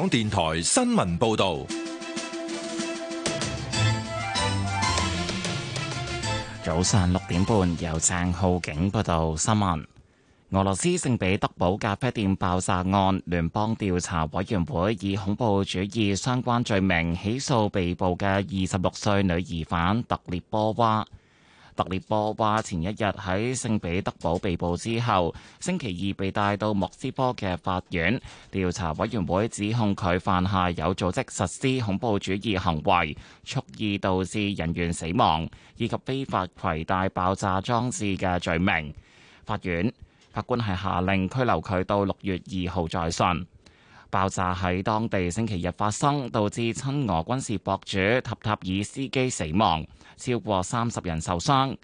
港電台新聞報道，早上六點半由鄭浩景報道新聞。俄羅斯聖彼得堡咖啡店爆炸案，聯邦調查委員會以恐怖主義相關罪名起訴被捕嘅二十六歲女疑犯特列波娃。特列波話：前一日喺聖彼得堡被捕之後，星期二被帶到莫斯科嘅法院，調查委員會指控佢犯下有組織實施恐怖主義行為、蓄意導致人員死亡以及非法攜帶爆炸裝置嘅罪名。法院法官係下令拘留佢到六月二號再審。爆炸喺當地星期日發生，導致親俄軍事博主塔塔爾斯基死亡，超過三十人受傷。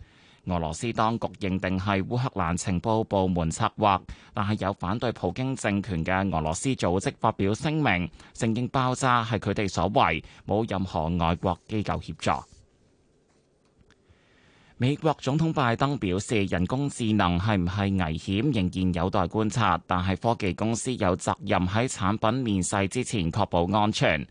俄羅斯當局認定係烏克蘭情報部門策劃，但係有反對普京政權嘅俄羅斯組織發表聲明，承認爆炸係佢哋所為，冇任何外國機構協助。美國總統拜登表示，人工智能係唔係危險，仍然有待觀察，但係科技公司有責任喺產品面世之前確保安全。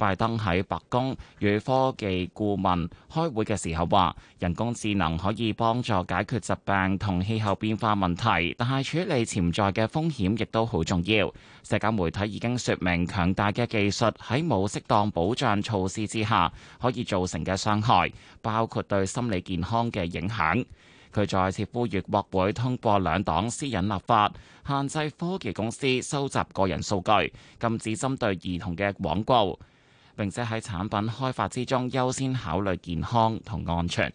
拜登喺白宮與科技顧問開會嘅時候話，人工智能可以幫助解決疾病同氣候變化問題，但係處理潛在嘅風險亦都好重要。社交媒體已經說明強大嘅技術喺冇適當保障措施之下可以造成嘅傷害，包括對心理健康嘅影響。佢再次呼籲國會通過兩黨私隱立法，限制科技公司收集個人數據，禁止針對兒童嘅廣告。並且喺產品開發之中優先考慮健康同安全。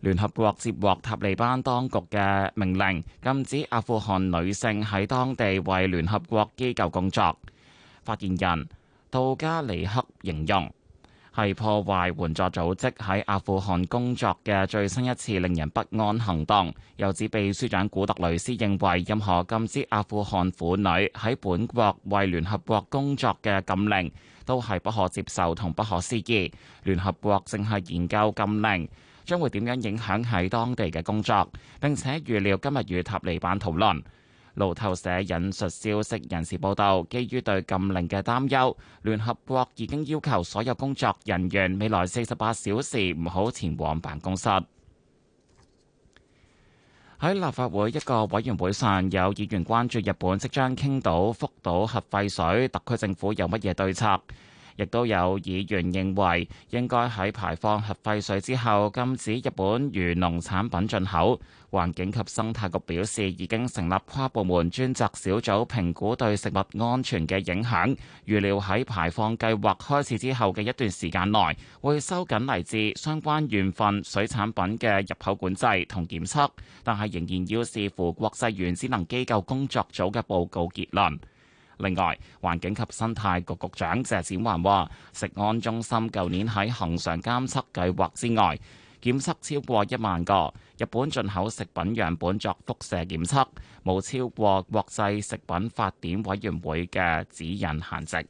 聯合國接獲塔利班當局嘅命令，禁止阿富汗女性喺當地為聯合國機構工作。發言人杜加里克形容，係破壞援助組織喺阿富汗工作嘅最新一次令人不安行動。又指秘書長古特雷斯認為，任何禁止阿富汗婦女喺本國為聯合國工作嘅禁令都係不可接受同不可思議。聯合國正係研究禁令將會點樣影響喺當地嘅工作，並且預料今日與塔利班討論。路透社引述消息人士報道，基於對禁令嘅擔憂，聯合國已經要求所有工作人員未來四十八小時唔好前往辦公室。喺立法會一個委員會上，有議員關注日本即將傾倒福島核廢水，特區政府有乜嘢對策？亦都有議員認為應該喺排放核廢水之後禁止日本漁農產品進口。環境及生態局表示已經成立跨部門專責小組評估對食物安全嘅影響，預料喺排放計劃開始之後嘅一段時間內會收緊嚟自相關縣份水產品嘅入口管制同檢測，但係仍然要視乎國際原子能機構工作組嘅報告結論。另外，環境及生態局局長謝展寰話：食安中心舊年喺恒常監測計劃之外，檢測超過一萬個日本進口食品樣本作輻射檢測，冇超過國際食品法典委員會嘅指引限值。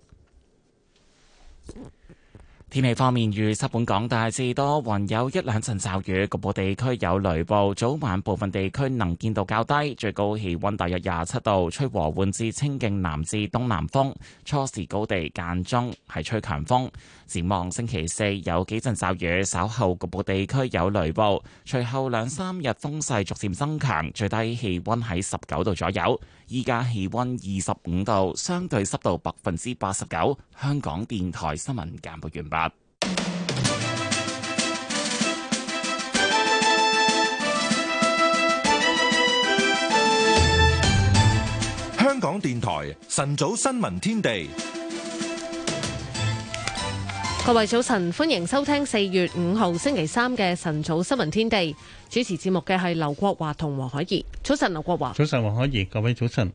天氣方面，預測本港大致多雲，有一兩陣驟雨，局部地區有雷暴，早晚部分地區能見度較低，最高氣溫大約廿七度，吹和緩至清勁南至東南風，初時高地間中係吹強風。展望星期四有幾陣驟雨，稍後局部地區有雷暴，隨後兩三日風勢逐漸增強，最低氣溫喺十九度左右。依家氣溫二十五度，相對濕度百分之八十九。香港電台新聞簡報完畢。香港電台晨早新聞天地，各位早晨，歡迎收聽四月五號星期三嘅晨早新聞天地。主持節目嘅係劉國華同黃海怡。早晨，劉國華。早晨，黃海怡。各位早晨。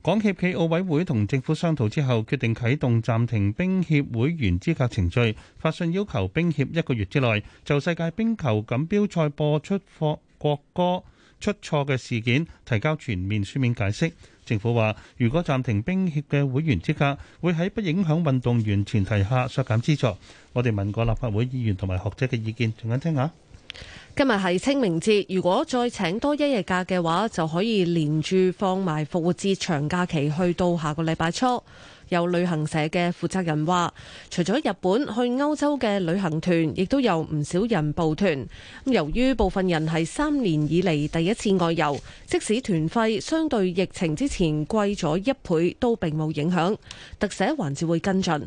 港協暨奧委會同政府商討之後，決定啟動暫停冰協會員資格程序，發信要求冰協一個月之內就世界冰球錦標賽播出放國歌出錯嘅事件提交全面書面解釋。政府話，如果暫停冰協嘅會員資格，會喺不影響運動員前提下削減資助。我哋問過立法會議員同埋學者嘅意見，同我聽下。今日係清明節，如果再請多一日假嘅話，就可以連住放埋復活節長假期，去到下個禮拜初。有旅行社嘅負責人話，除咗日本，去歐洲嘅旅行團，亦都有唔少人報團。由於部分人係三年以嚟第一次外遊，即使團費相對疫情之前貴咗一倍，都並冇影響。特寫環節會跟進。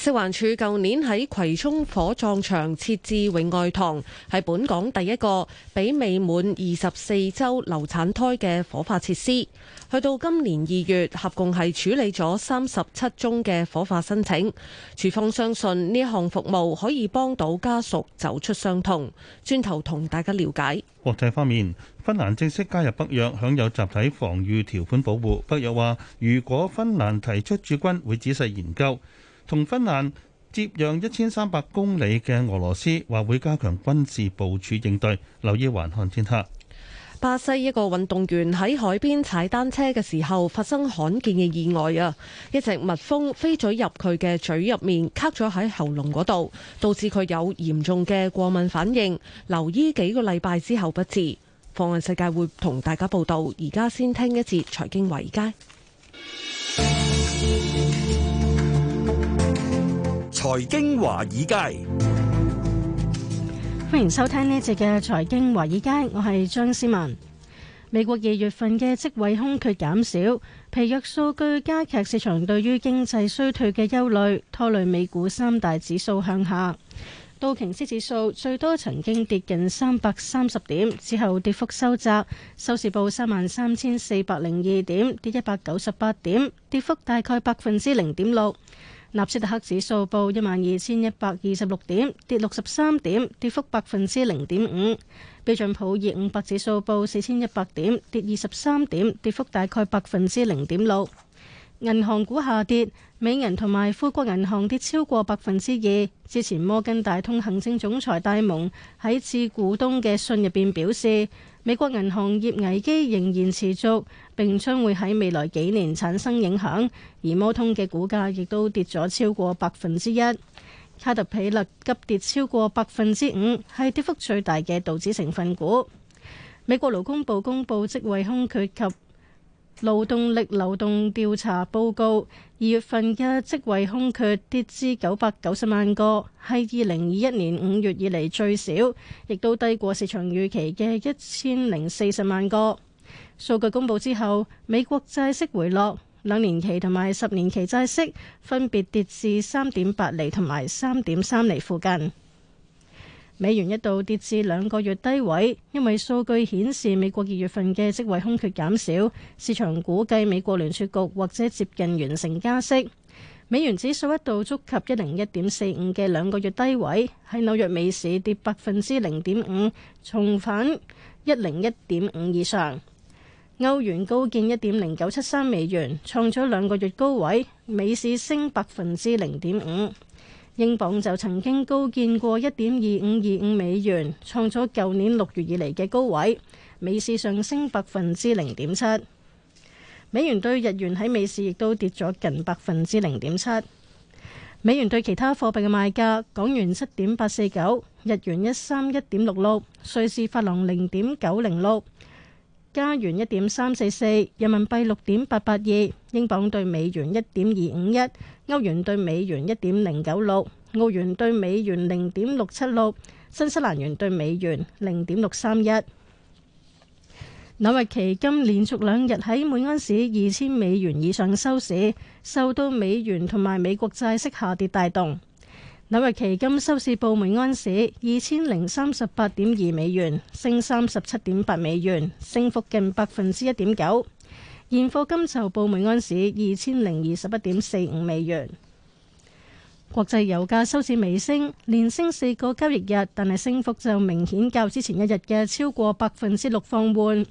食環署舊年喺葵涌火葬場設置永愛堂，係本港第一個俾未滿二十四週流產胎嘅火化設施。去到今年二月，合共係處理咗三十七宗嘅火化申請。廚房相信呢項服務可以幫到家屬走出傷痛。轉頭同大家了解。國際方面，芬蘭正式加入北約，享有集體防禦條款保護。北約話，如果芬蘭提出駐軍，會仔細研究。同芬蘭接壤一千三百公里嘅俄羅斯話會加強軍事部署應對。留意環看天下。巴西一個運動員喺海邊踩單車嘅時候發生罕見嘅意外啊！一隻蜜蜂飛入嘴，入佢嘅嘴入面，卡咗喺喉嚨嗰度，導致佢有嚴重嘅過敏反應。留醫幾個禮拜之後不治。放眼世界會同大家報道，而家先聽一節財經維佳。財經華爾街，歡迎收聽呢一節嘅財經華爾街。我係張思文。美國二月份嘅職位空缺減少，疲弱數據加劇市場對於經濟衰退嘅憂慮，拖累美股三大指數向下。道瓊斯指數最多曾經跌近三百三十點，之後跌幅收窄，收市報三萬三千四百零二點，跌一百九十八點，跌幅大概百分之零點六。納斯達克指數報一萬二千一百二十六點，跌六十三點，跌幅百分之零點五。標準普爾五百指數報四千一百點，跌二十三點，跌幅大概百分之零點六。銀行股下跌，美銀同埋富國銀行跌超過百分之二。之前摩根大通行政總裁戴蒙喺致股東嘅信入邊表示，美國銀行業危機仍然持續並將會喺未來幾年產生影響，而摩通嘅股價亦都跌咗超過百分之一。卡特彼勒急跌超過百分之五，係跌幅最大嘅道指成分股。美國勞工部公佈職位空缺及勞動力流動調查報告，二月份嘅職位空缺跌至九百九十萬個，係二零二一年五月以嚟最少，亦都低過市場預期嘅一千零四十萬個。數據公布之後，美國債息回落，兩年期同埋十年期債息分別跌至三點八厘同埋三點三厘附近。美元一度跌至兩個月低位，因為數據顯示美國二月份嘅職位空缺減少，市場估計美國聯儲局或者接近完成加息。美元指數一度觸及一零一點四五嘅兩個月低位，喺紐約美市跌百分之零點五，重返一零一點五以上。歐元高見一點零九七三美元，創咗兩個月高位；美市升百分之零點五；英鎊就曾經高見過一點二五二五美元，創咗舊年六月以嚟嘅高位；美市上升百分之零點七；美元對日元喺美市亦都跌咗近百分之零點七；美元對其他貨幣嘅賣價：港元七點八四九，日元一三一點六六，瑞士法郎零點九零六。加元一點三四四，4, 人民幣六點八八二，英鎊兌美元一點二五一，歐元兌美元一點零九六，澳元兌美元零點六七六，新西蘭元兌美元零點六三一。紐約期金連續兩日喺每盎司二千美元以上收市，受到美元同埋美國債息下跌帶動。紐約期金收市報每安士二千零三十八點二美元，升三十七點八美元，升幅近百分之一點九。現貨金就報每安士二千零二十一點四五美元。國際油價收市微升，連升四個交易日，但係升幅就明顯較之前一日嘅超過百分之六放緩。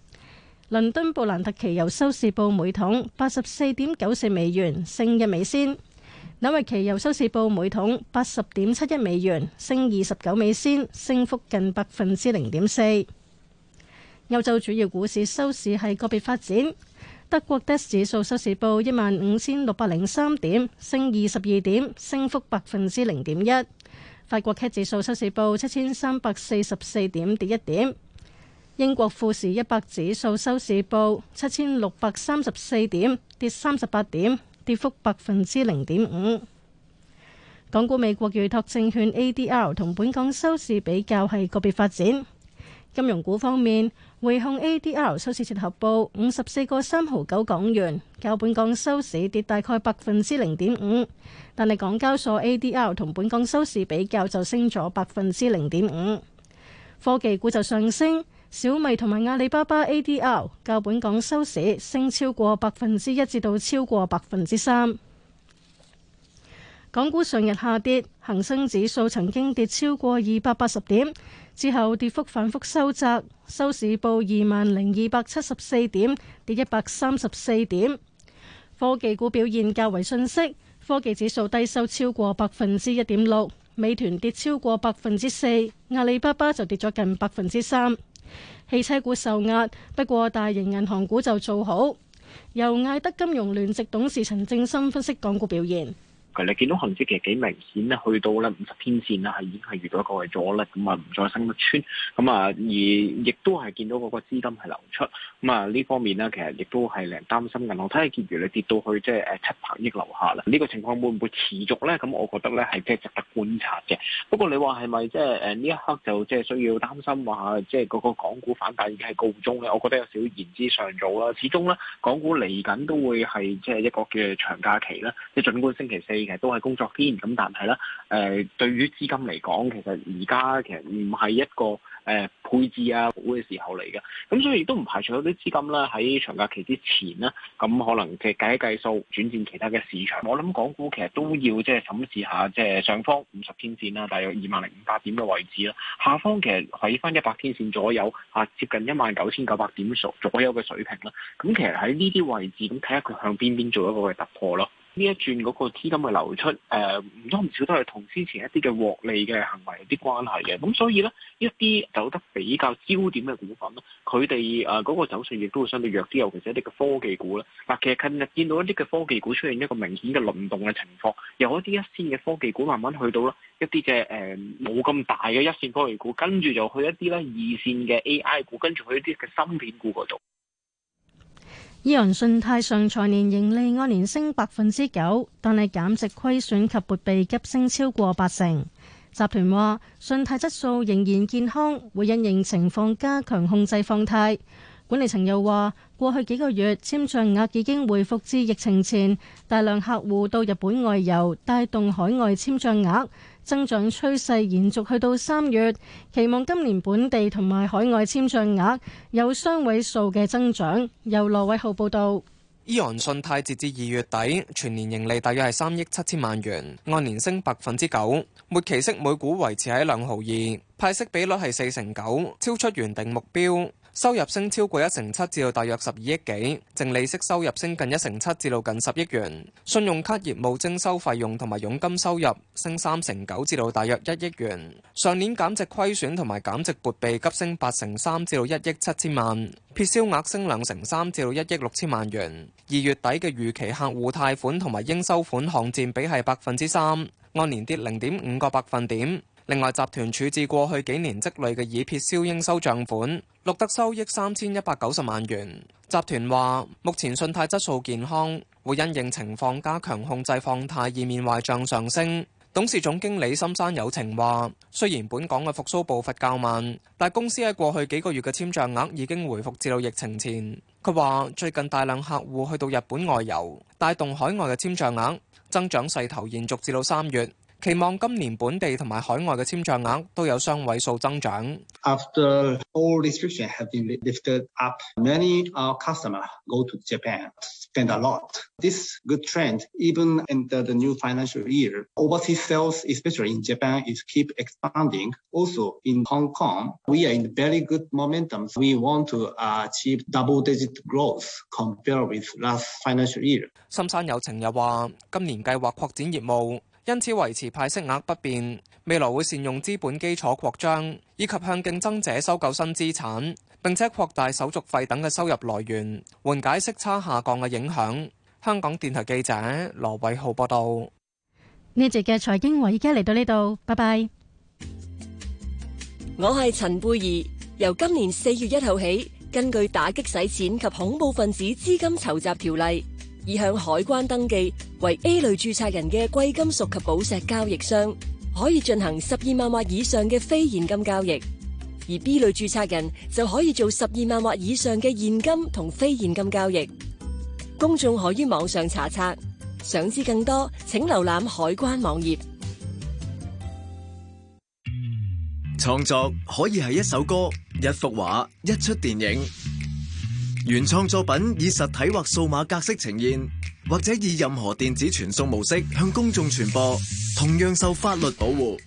倫敦布蘭特期油收市報每桶八十四點九四美元，升一美仙。紐約期油收市報每桶八十點七一美元，升二十九美仙，升幅近百分之零點四。歐洲主要股市收市係個別發展，德國 DAX 指數收市報一萬五千六百零三點，升二十二點，升幅百分之零點一。法國 CAC 指數收市報七千三百四十四點，跌一點。英國富時一百指數收市報七千六百三十四點，跌三十八點。跌幅百分之零點五，港股美國預託證券 ADR 同本港收市比較係個別發展。金融股方面，匯控 ADR 收市折合報五十四個三毫九港元，較本港收市跌大概百分之零點五。但係港交所 ADR 同本港收市比較就升咗百分之零點五。科技股就上升。小米同埋阿里巴巴 ADR 較本港收市升超過百分之一，至到超過百分之三。港股上日下跌，恒生指數曾經跌超過二百八十點，之後跌幅反覆收窄，收市報二萬零二百七十四點，跌一百三十四點。科技股表現較為遜色，科技指數低收超過百分之一點六。美團跌超過百分之四，阿里巴巴就跌咗近百分之三。汽車股受壓，不過大型銀行股就做好。由艾德金融聯席董事陳正森分析港股表現。你見到行市其實幾明顯咧，去到咧五十天線啦，係已經係遇到一個嘅阻力，咁啊唔再升得穿，咁啊而亦都係見到嗰個資金係流出，咁啊呢方面咧其實亦都係令人擔心銀。銀行睇下結餘你跌到去即係誒七百億樓下啦，呢、呢個情況會唔會持續咧？咁我覺得咧係即係值得觀察嘅。不過你話係咪即係誒呢一刻就即係需要擔心話即係嗰個港股反彈已經係告終咧？我覺得有少少言之尚早啦。始終咧港股嚟緊都會係即係一個嘅長假期啦，即係儘管星期四。其實都係工作天咁，但係咧，誒、呃，對於資金嚟講，其實而家其實唔係一個誒、呃、配置啊股嘅時候嚟嘅，咁所以亦都唔排除有啲資金咧喺長假期之前啦，咁可能即係計一計數，轉戰其他嘅市場。我諗港股其實都要即係審視下，即係上方五十天線啦，大約二萬零五百點嘅位置啦，下方其實喺翻一百天線左右啊，接近一萬九千九百點數左右嘅水平啦。咁其實喺呢啲位置，咁睇下佢向邊邊做一個嘅突破咯。呢一轉嗰個資金嘅流出，誒、呃、唔多唔少都係同之前一啲嘅獲利嘅行為有啲關係嘅。咁所以呢，一啲走得比較焦點嘅股份咧，佢哋誒嗰個走勢亦都會相對弱啲，尤其是一啲嘅科技股咧。嗱、呃，其實近日見到一啲嘅科技股出現一個明顯嘅輪動嘅情況，由一啲一線嘅科技股慢慢去到啦一啲嘅誒冇咁大嘅一線科技股，跟住就去一啲呢二線嘅 AI 股，跟住去一啲嘅芯片股嗰度。依人信貸上財年盈利按年升百分之九，但係減值虧損及撥備急升超過八成。集團話信貸質素仍然健康，會因應情況加強控制放貸。管理層又話過去幾個月簽賬額已經回復至疫情前，大量客戶到日本外遊帶動海外簽賬額。增長趨勢延續去到三月，期望今年本地同埋海外簽賬額有雙位數嘅增長。由羅偉浩報道。伊洋信貸截至二月底全年盈利大約係三億七千萬元，按年升百分之九，末期息每股維持喺兩毫二，派息比率係四成九，超出原定目標。收入升超過一成七，至到大約十二億幾；淨利息收入升近一成七，至到近十億元；信用卡業務徵收費用同埋佣金收入升三成九，至到大約一億元。上年減值虧損同埋減值撥備急升八成三，至到一億七千萬；撇銷額升兩成三，至到一億六千萬元。二月底嘅預期客戶貸款同埋應收款項佔比係百分之三，按年跌零點五個百分點。另外，集團處置過去幾年積累嘅已撇銷應收帳款，錄得收益三千一百九十萬元。集團話：目前信貸質素健康，會因應情況加強控制放貸，以免壞賬上升。董事總經理深山有情話：雖然本港嘅復甦步伐較慢，但公司喺過去幾個月嘅簽帳額已經回復至到疫情前。佢話：最近大量客戶去到日本外遊，帶動海外嘅簽帳額增長勢頭延續至到三月。期望今年本地同埋海外嘅簽賬額都有雙位數增長。深山有情又話，今年計劃擴展業務。因此維持派息額不變，未來會善用資本基礎擴張，以及向競爭者收購新資產，並且擴大手續費等嘅收入來源，緩解息差下降嘅影響。香港電台記者羅偉浩報道。呢集嘅財經話，依家嚟到呢度，拜拜。我係陳貝兒，由今年四月一號起，根據打擊洗錢及恐怖分子資金籌集條例。已向海關登記為 A 類註冊人嘅貴金屬及寶石交易商，可以進行十二萬或以上嘅非現金交易；而 B 類註冊人就可以做十二萬或以上嘅現金同非現金交易。公眾可以網上查冊，想知更多，請瀏覽海關網頁。創作可以係一首歌、一幅畫、一出電影。原創作品以實體或數碼格式呈現，或者以任何電子傳送模式向公眾傳播，同樣受法律保護。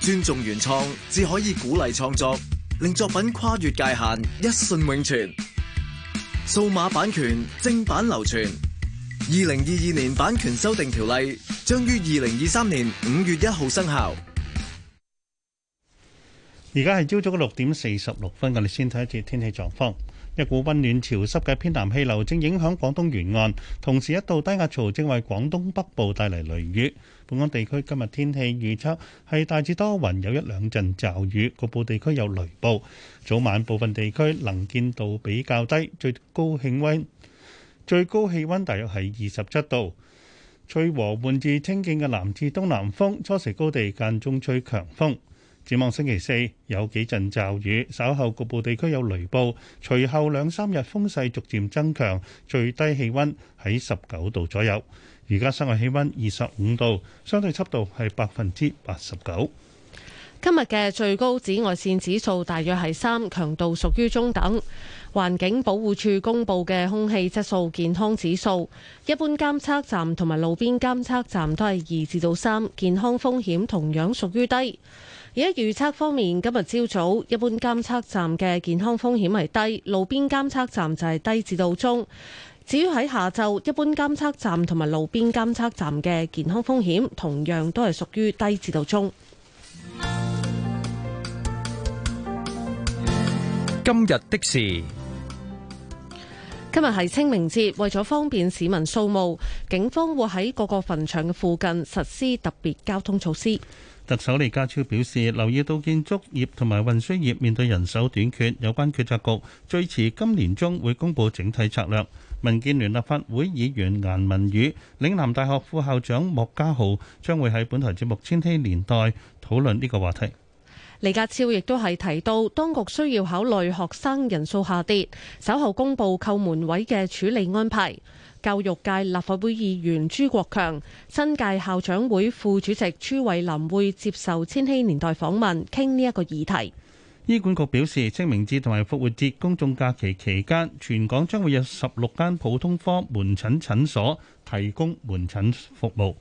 尊重原創，只可以鼓勵創作，令作品跨越界限，一瞬永存。數碼版權正版流傳。二零二二年版權修訂條例將於二零二三年五月一號生效。而家係朝早嘅六點四十六分，我哋先睇一節天氣狀況。一股溫暖潮濕嘅偏南氣流正影響廣東沿岸，同時一道低壓槽正為廣東北部帶嚟雷雨。本港地區今日天氣預測係大致多雲，有一兩陣驟雨，局部地區有雷暴。早晚部分地區能見度比較低，最高氣温，最高氣温大約係二十七度。吹和緩至清勁嘅南至東南風，初時高地間中吹強風。展望星期四有幾陣驟雨，稍後局部地區有雷暴。隨後兩三日風勢逐漸增強，最低氣溫喺十九度左右。而家室外氣溫二十五度，相對濕度係百分之八十九。今日嘅最高紫外線指數大約係三，強度屬於中等。環境保護署公布嘅空氣質素健康指數，一般監測站同埋路邊監測站都係二至到三，健康風險同樣屬於低。而家預測方面，今日朝早一般監測站嘅健康風險係低，路邊監測站就係低至到中。至於喺下晝，一般監測站同埋路邊監測站嘅健康風險同樣都係屬於低至到中。今日的事，今日係清明節，為咗方便市民掃墓，警方會喺各個墳場嘅附近實施特別交通措施。特首李家超表示留意到建築業同埋運輸業面對人手短缺，有關決策局最遲今年中會公布整體策略。民建聯立法會議員顏文宇、嶺南大學副校長莫家豪將會喺本台節目《千禧年代》討論呢個話題。李家超亦都係提到，當局需要考慮學生人數下跌，稍後公布扣門位嘅處理安排。教育界立法會議員朱國強、新界校長會副主席朱偉林會接受千禧年代訪問，傾呢一個議題。醫管局表示，清明節同埋復活節公眾假期期間，全港將會有十六間普通科門診診所提供門診服務。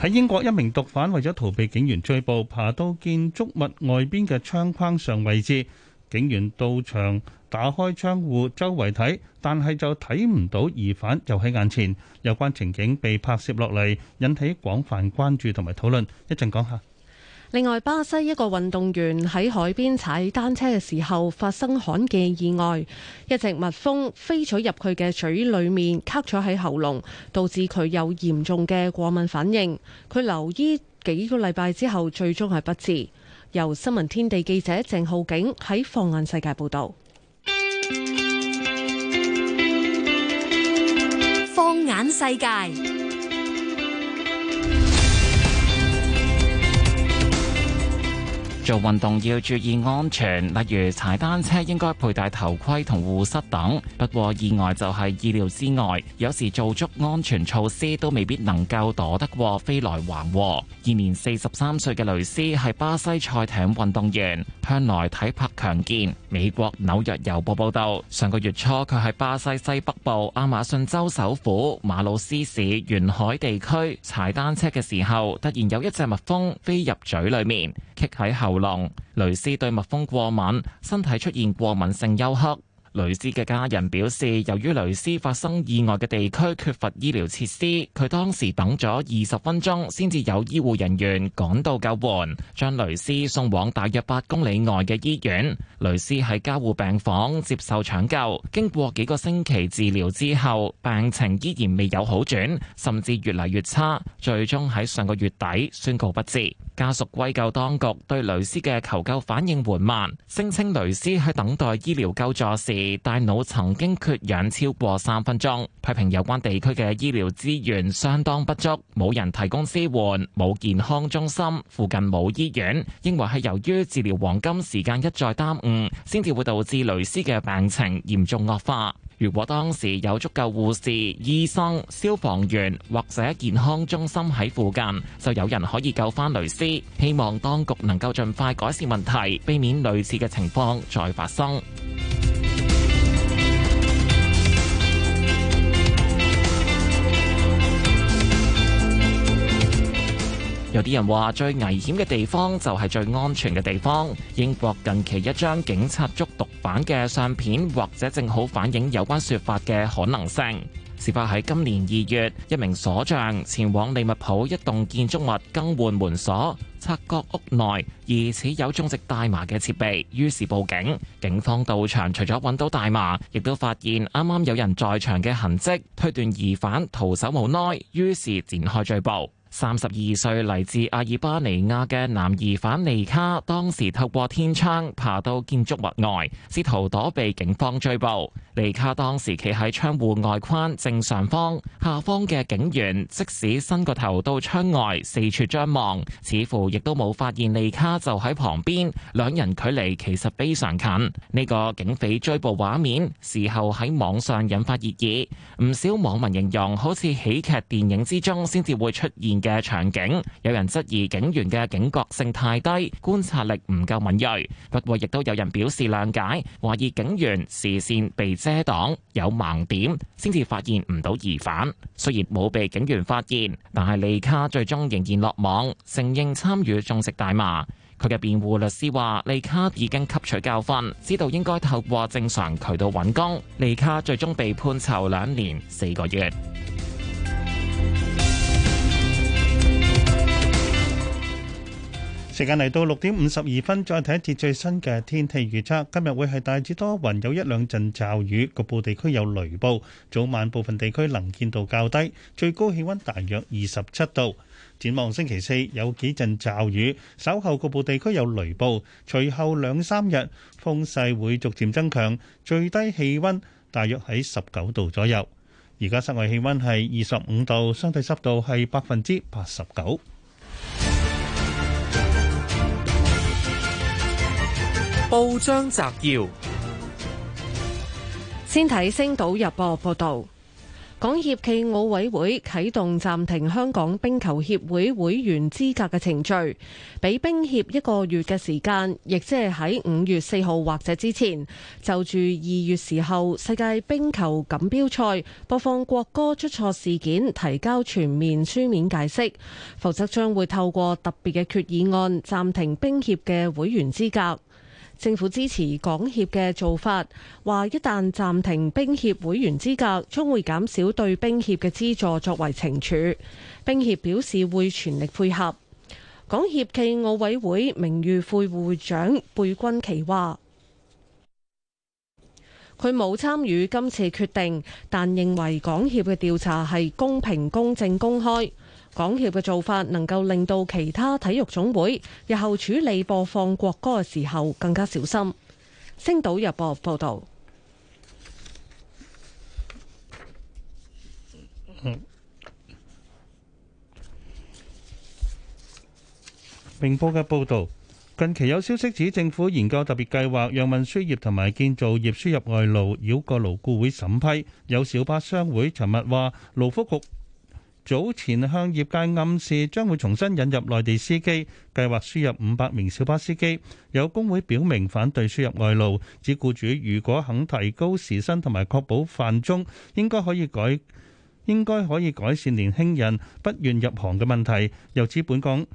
喺英國，一名毒販為咗逃避警員追捕，爬到建築物外邊嘅窗框上位置。警員到場，打開窗戶周圍睇，但係就睇唔到疑犯就喺眼前。有關情景被拍攝落嚟，引起廣泛關注同埋討論。一陣講下。另外，巴西一個運動員喺海邊踩單車嘅時候發生罕見意外，一隻蜜蜂飛咗入佢嘅嘴裏面，卡咗喺喉嚨，導致佢有嚴重嘅過敏反應。佢留醫幾個禮拜之後，最終係不治。由新聞天地記者鄭浩景喺放眼世界報道。放眼世界。做運動要注意安全，例如踩單車應該佩戴頭盔同護膝等。不過意外就係意料之外，有時做足安全措施都未必能夠躲得過飛來橫禍。現年四十三歲嘅雷斯係巴西賽艇運動員，向來體魄強健。美國紐約郵報報道，上個月初佢喺巴西西北部亞馬遜州首府馬魯斯市沿海地區踩單車嘅時候，突然有一隻蜜蜂飛入嘴裡面。棘喺喉嚨，雷斯對蜜蜂過敏，身體出現過敏性休克。雷斯嘅家人表示，由於雷斯發生意外嘅地區缺乏醫療設施，佢當時等咗二十分鐘先至有醫護人員趕到救援，將雷斯送往大約八公里外嘅醫院。雷斯喺加護病房接受搶救，經過幾個星期治療之後，病情依然未有好轉，甚至越嚟越差，最終喺上個月底宣告不治。家屬歸咎當局對雷斯嘅求救反應緩慢，聲稱雷斯喺等待醫療救助時，大腦曾經缺氧超過三分鐘，批評有關地區嘅醫療資源相當不足，冇人提供支援，冇健康中心，附近冇醫院，認為係由於治療黃金時間一再耽誤，先至會導致雷斯嘅病情嚴重惡化。如果當時有足夠護士、醫生、消防員或者健康中心喺附近，就有人可以救翻雷斯。希望當局能夠盡快改善問題，避免類似嘅情況再發生。有啲人話最危險嘅地方就係最安全嘅地方。英國近期一張警察捉毒犯嘅相片，或者正好反映有關説法嘅可能性。事發喺今年二月，一名鎖匠前往利物浦一棟建築物更換門鎖，察覺屋內疑似有種植大麻嘅設備，於是報警。警方到場，除咗揾到大麻，亦都發現啱啱有人在場嘅痕跡，推斷疑犯逃走無奈，於是展開追捕。三十二歲嚟自阿爾巴尼亞嘅男疑犯尼卡，當時透過天窗爬到建築物外，試圖躲避警方追捕。尼卡當時企喺窗戶外框正上方，下方嘅警員即使伸個頭到窗外四處張望，似乎亦都冇發現尼卡就喺旁邊，兩人距離其實非常近。呢個警匪追捕畫面事後喺網上引發熱議，唔少網民形容好似喜劇電影之中先至會出現，嘅場景，有人質疑警員嘅警覺性太低，觀察力唔夠敏鋭。不過，亦都有人表示諒解，懷疑警員視線被遮擋，有盲點，先至發現唔到疑犯。雖然冇被警員發現，但係利卡最終仍然落網，承認參與種植大麻。佢嘅辯護律師話：利卡已經吸取教訓，知道應該透過正常渠道搵工。利卡最終被判囚兩年四個月。時間嚟到六點五十二分，再睇一節最新嘅天氣預測。今日會係大致多雲，有一兩陣驟雨，局部地區有雷暴。早晚部分地區能見度較低，最高氣溫大約二十七度。展望星期四有幾陣驟雨，稍後局部地區有雷暴，隨後兩三日風勢會逐漸增強，最低氣溫大約喺十九度左右。而家室外氣溫係二十五度，相對濕度係百分之八十九。報章摘要，先睇《星島日報》報道，港協暨奧委會啟動暫停香港冰球協會會員資格嘅程序，俾冰協一個月嘅時間，亦即係喺五月四號或者之前，就住二月時候世界冰球錦標賽播放國歌出錯事件提交全面書面解釋，否則將會透過特別嘅決議案暫停冰協嘅會員資格。政府支持港協嘅做法，話一旦暫停冰協會員資格，將會減少對冰協嘅資助作為懲處。冰協表示會全力配合。港協暨奧委會名譽副會長貝君奇話，佢冇參與今次決定，但認為港協嘅調查係公平、公正、公開。港協嘅做法能夠令到其他體育總會日後處理播放國歌嘅時候更加小心。星島日報報道。嗯。明報嘅報道，近期有消息指政府研究特別計劃，讓運輸業同埋建造業輸入外勞，繞過勞顧會審批。有小巴商會尋日話勞福局。早前向業界暗示將會重新引入內地司機，計劃輸入五百名小巴司機。有工會表明反對輸入外勞，指僱主如果肯提高時薪同埋確保飯鐘，應該可以改應該可以改善年輕人不願入行嘅問題。又指本港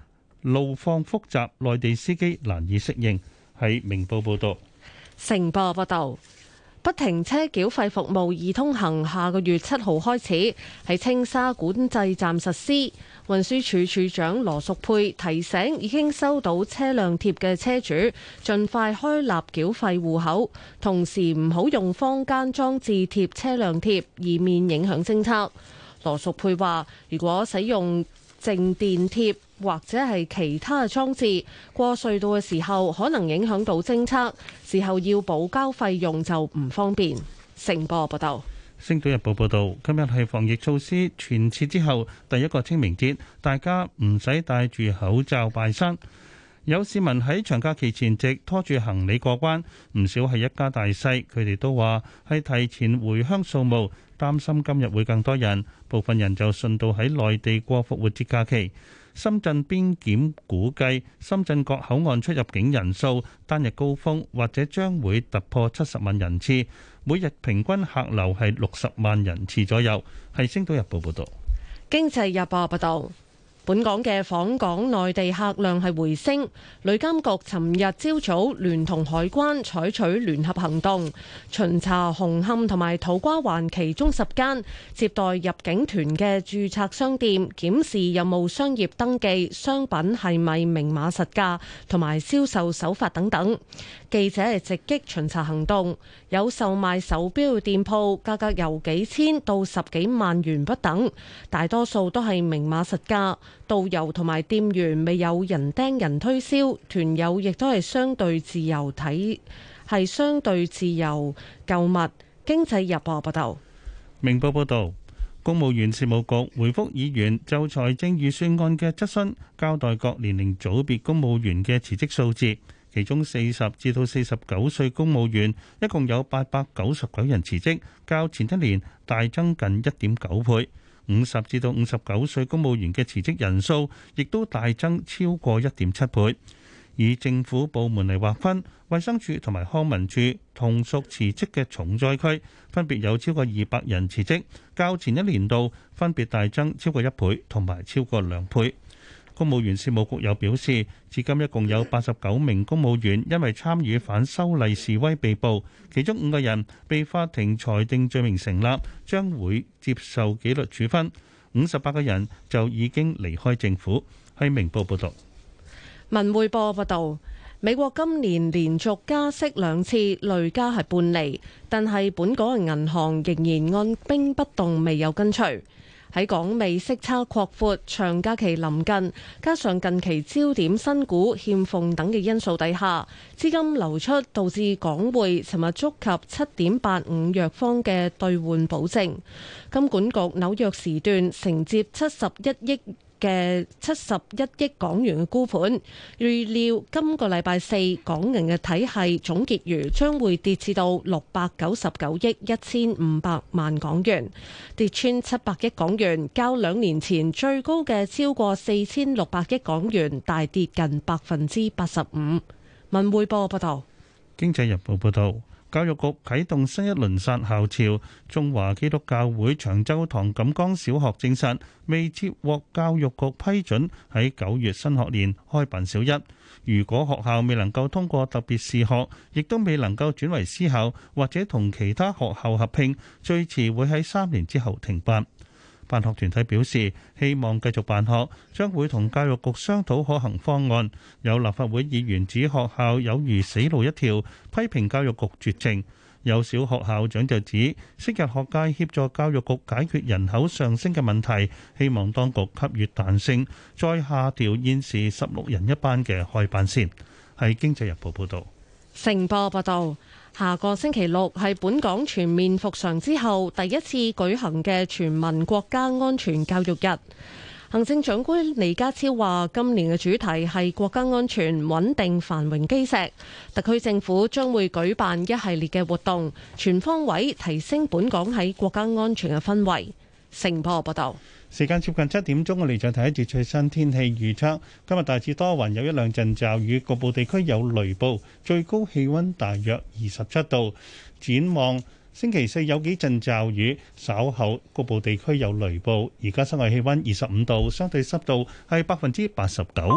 路況複雜，內地司機難以適應。係明報報導，成報報導。不停車繳費服務易通行，下個月七號開始喺青沙管制站實施。運輸署署，署署長羅淑佩提醒，已經收到車輛貼嘅車主，盡快開立繳費戶口，同時唔好用坊間裝置貼車輛貼，以免影響政策。羅淑佩話：如果使用靜電貼，或者係其他嘅裝置過隧道嘅時候，可能影響到政策，事後要補交費用就唔方便。成波報道，《星島日報》報道，今日係防疫措施全撤之後第一個清明節，大家唔使戴住口罩拜山。有市民喺長假期前夕拖住行李過關，唔少係一家大細。佢哋都話係提前回鄉掃墓，擔心今日會更多人。部分人就順道喺內地過復活節假期。深圳邊檢估計，深圳各口岸出入境人數單日高峰或者將會突破七十萬人次，每日平均客流係六十萬人次左右。係《星島日報》報道。經濟日報報道。經本港嘅訪港內地客量係回升，旅監局尋日朝早聯同海關採取聯合行動，巡查紅磡同埋土瓜灣其中十間接待入境團嘅註冊商店，檢視有冇商業登記、商品係咪明碼實價、同埋銷售手法等等。記者係直擊巡查行動，有售賣手錶嘅店鋪，價格由幾千到十幾萬元不等，大多數都係明碼實價。導遊同埋店員未有人釘人推銷，團友亦都係相對自由睇，係相對自由購物。經濟日報報道。明報報道，公務員事務局回覆議員就財政預算案嘅質詢，交代各年齡組別公務員嘅辭職數字。其中四十至到四十九歲公務員一共有八百九十九人辭職，較前一年大增近一點九倍。五十至到五十九歲公務員嘅辭職人數亦都大增超過一點七倍。以政府部門嚟劃分，衛生署同埋康文署同屬辭職嘅重災區，分別有超過二百人辭職，較前一年度分別大增超過一倍同埋超過兩倍。公務員事務局又表示，至今一共有八十九名公務員因為參與反修例示威被捕，其中五個人被法庭裁定罪名成立，將會接受紀律處分；五十八個人就已經離開政府。係明報報導。文匯報報導，美國今年連續加息兩次，累加係半釐，但係本港嘅銀行仍然按兵不動，未有跟隨。喺港美息差擴闊、長假期臨近，加上近期焦點新股欠奉等嘅因素底下，資金流出導致港匯尋日觸及七點八五弱方嘅兌換保證。金管局紐約時段承接七十一億嘅七十一億港元嘅沽盤，預料今個禮拜四港銀嘅體系總結餘將會跌至到六百九十九億一千五百萬港元，跌穿七百億港元，較兩年前最高嘅超過四千六百億港元大跌近百分之八十五。文匯報報道，《經濟日報》報道。教育局啟動新一輪殺校潮，中華基督教會長洲堂錦江小學證實未接獲教育局批准喺九月新學年開辦小一。如果學校未能夠通過特別試學，亦都未能夠轉為私校或者同其他學校合併，最遲會喺三年之後停辦。辦學團體表示希望繼續辦學，將會同教育局商討可行方案。有立法會議員指學校有如死路一條，批評教育局絕情。有小學校長就指，昔日學界協助教育局解決人口上升嘅問題，希望當局給予彈性，再下調現時十六人一班嘅開班線，係《經濟日報》報道，成報報道。下個星期六係本港全面復常之後第一次舉行嘅全民國家安全教育日。行政長官李家超話，今年嘅主題係國家安全、穩定、繁榮基石。特區政府將會舉辦一系列嘅活動，全方位提升本港喺國家安全嘅氛圍。成播報道。時間接近七點鐘，我哋再睇一節最新天氣預測。今日大致多雲，有一兩陣驟雨，局部地區有雷暴。最高氣温大約二十七度。展望星期四有幾陣驟雨，稍後局部地區有雷暴。而家室外氣温二十五度，相對濕度係百分之八十九。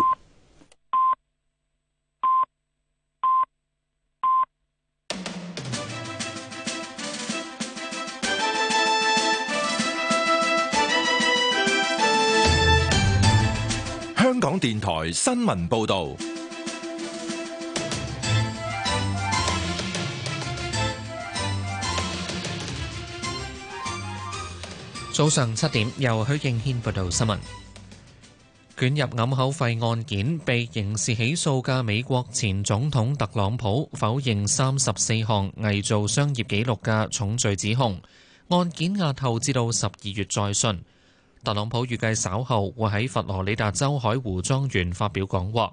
香港電台新聞報道，早上七點由許敬軒報道新聞。捲入掩口費案件被刑事起訴嘅美國前總統特朗普否認三十四項偽造商業紀錄嘅重罪指控，案件押後至到十二月再訊。特朗普預計稍後會喺佛羅里達州海湖莊園發表講話。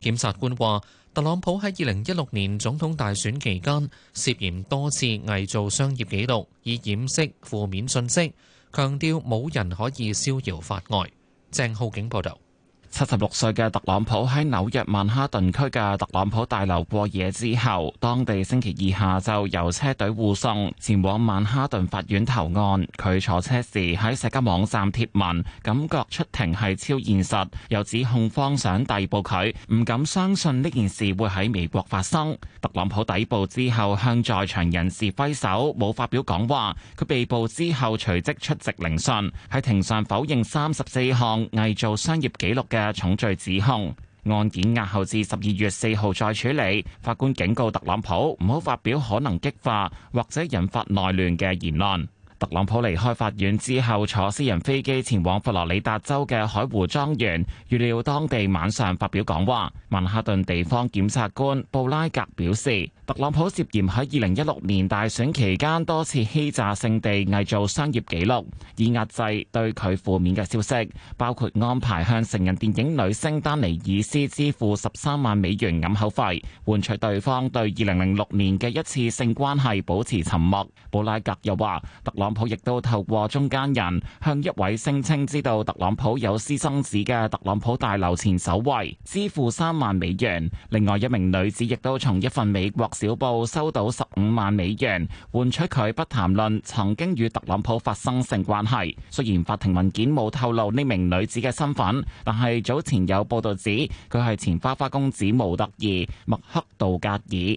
檢察官話：特朗普喺二零一六年總統大選期間涉嫌多次偽造商業紀錄，以掩飾負面信息，強調冇人可以逍遙法外。鄭浩景報導。七十六歲嘅特朗普喺紐約曼哈頓區嘅特朗普大樓過夜之後，當地星期二下晝由車隊護送前往曼哈頓法院投案。佢坐車時喺社交網站貼文，感覺出庭係超現實，又指控方想逮捕佢，唔敢相信呢件事會喺美國發生。特朗普抵步之後，向在場人士揮手，冇發表講話。佢被捕之後，隨即出席聆訊，喺庭上否認三十四項偽造商業紀錄嘅嘅重罪指控，案件押後至十二月四號再處理。法官警告特朗普唔好發表可能激化或者引發內亂嘅言論。特朗普離開法院之後，坐私人飛機前往佛羅里達州嘅海湖莊園，預料當地晚上發表講話。曼哈頓地方檢察官布拉格表示，特朗普涉嫌喺2016年大選期間多次欺詐性地偽造商業紀錄,以壓制對佢負面嘅消息,包括安排向成人電影女星丹尼爾斯支付13萬美元封口費,換取對方對2006年嘅一次性關係保持沉默。布拉格又話,特朗普亦都透過中間人向一位聲稱知道特朗普有私生子嘅特朗普大樓前守衛,支付3萬美元,另外一名女子亦都從一份美國小布收到十五萬美元，換取佢不談論曾經與特朗普發生性關係，雖然法庭文件冇透露呢名女子嘅身份，但係早前有報道指佢係前花花公子模特兒麥克道格爾。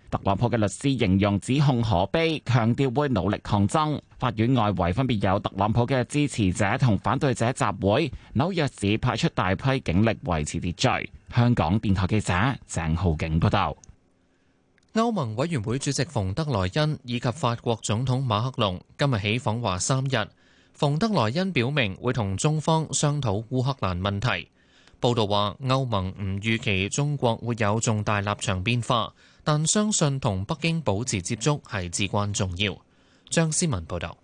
特朗普嘅律師形容指控可悲，強調會努力抗爭。法院外圍分別有特朗普嘅支持者同反對者集會。紐約市派出大批警力維持秩序。香港電台記者鄭浩景報道。歐盟委員會主席馮德萊恩以及法國總統馬克龍今日起訪華三日。馮德萊恩表明會同中方商討烏克蘭問題。報道話，歐盟唔預期中國會有重大立場變化。但相信同北京保持接觸係至關重要。張思文報道，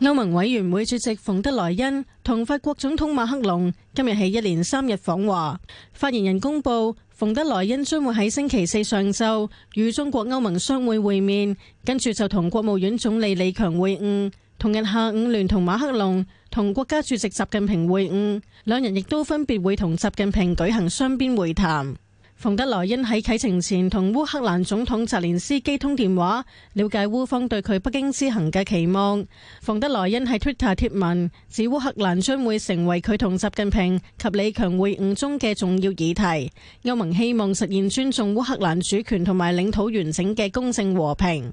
歐盟委員會主席馮德萊恩同法國總統馬克龍今日係一連三日訪華。發言人公布，馮德萊恩將會喺星期四上晝與中國歐盟商會會面，跟住就同國務院總理李強會晤。同日下午，聯同馬克龍同國家主席習近平會晤，兩人亦都分別會同習近平舉行雙邊會談。馮德萊恩喺啟程前同烏克蘭總統澤連斯基通電話，了解烏方對佢北京之行嘅期望。馮德萊恩喺 Twitter 貼文指烏克蘭將會成為佢同習近平及李強會晤中嘅重要議題。歐盟希望實現尊重烏克蘭主權同埋領土完整嘅公正和平。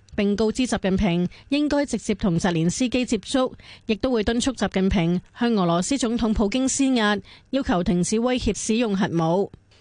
並告知習近平應該直接同澤連斯基接觸，亦都會敦促習近平向俄羅斯總統普京施壓，要求停止威脅使用核武。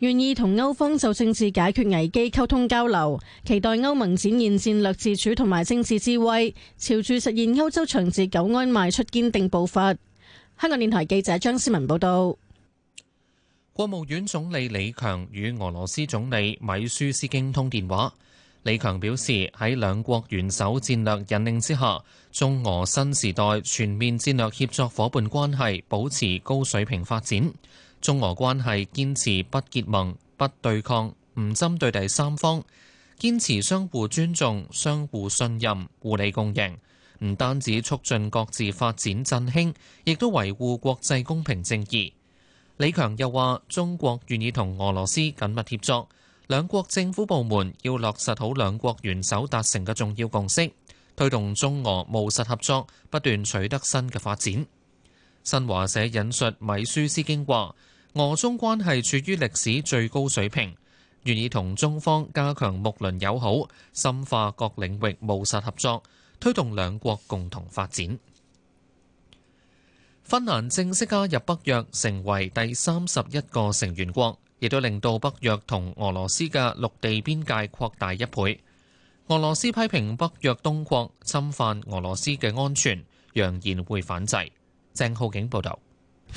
願意同歐方就政治解決危機溝通交流，期待歐盟展現戰略自主同埋政治智慧，朝住實現歐洲長治久安邁出堅定步伐。香港電台記者張思文報道。國務院總理李強與俄羅斯總理米舒斯京通電話，李強表示喺兩國元首戰略引領之下，中俄新時代全面戰略協作伙伴關係保持高水平發展。中俄關係堅持不結盟、不對抗、唔針對第三方，堅持相互尊重、相互信任、互利共贏，唔單止促進各自發展振興，亦都維護國際公平正義。李強又話：中國願意同俄羅斯緊密協作，兩國政府部門要落實好兩國元首達成嘅重要共識，推動中俄務實合作，不斷取得新嘅發展。新華社引述米舒斯京話。俄中關係處於歷史最高水平，願意同中方加強睦鄰友好、深化各領域務實合作，推動兩國共同發展。芬蘭正式加入北約，成為第三十一個成員國，亦都令到北約同俄羅斯嘅陸地邊界擴大一倍。俄羅斯批評北約東擴侵犯俄羅斯嘅安全，揚言會反制。鄭浩景報道。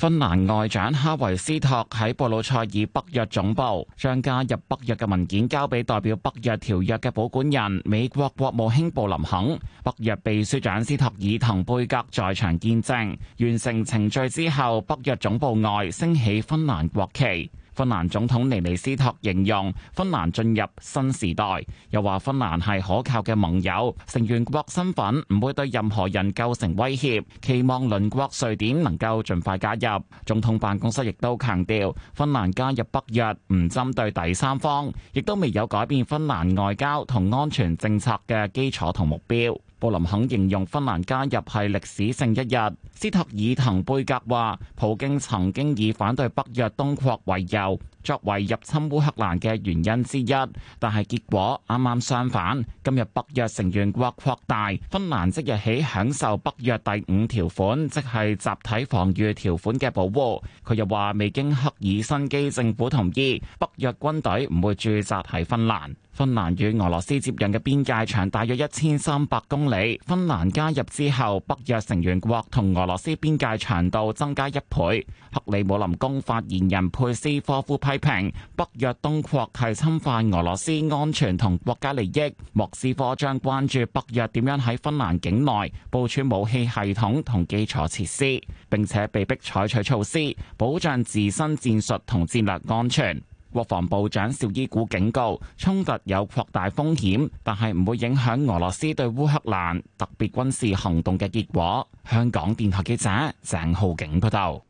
芬蘭外長哈維斯托喺布魯塞爾北約總部，將加入北約嘅文件交俾代表北約條約嘅保管人美國國務卿布林肯，北約秘書長斯托爾滕貝格在場見證。完成程序之後，北約總部外升起芬蘭國旗。芬蘭總統尼尼斯托形容芬蘭進入新時代，又話芬蘭係可靠嘅盟友，成員國身份唔會對任何人構成威脅，期望鄰國瑞典能夠盡快加入。總統辦公室亦都強調，芬蘭加入北約唔針對第三方，亦都未有改變芬蘭外交同安全政策嘅基礎同目標。布林肯形容芬蘭加入係歷史性一日。斯特爾滕貝格話：普京曾經以反對北約東擴為由，作為入侵烏克蘭嘅原因之一，但係結果啱啱相反。今日北約成員國擴大，芬蘭即日起享受北約第五條款，即係集體防禦條款嘅保護。佢又話：未經赫爾辛基政府同意，北約軍隊唔會駐紮喺芬蘭。芬蘭與俄羅斯接壤嘅邊界長大約一千三百公里。芬蘭加入之後，北約成員國同俄羅斯邊界長度增加一倍。克里姆林宮發言人佩斯科夫批批評北約東擴係侵犯俄羅斯安全同國家利益。莫斯科將關注北約點樣喺芬蘭境內部署武器系統同基礎設施，並且被逼採取措施保障自身戰術同戰略安全。國防部長紹伊古警告，衝突有擴大風險，但係唔會影響俄羅斯對烏克蘭特別軍事行動嘅結果。香港電台記者鄭浩景報道。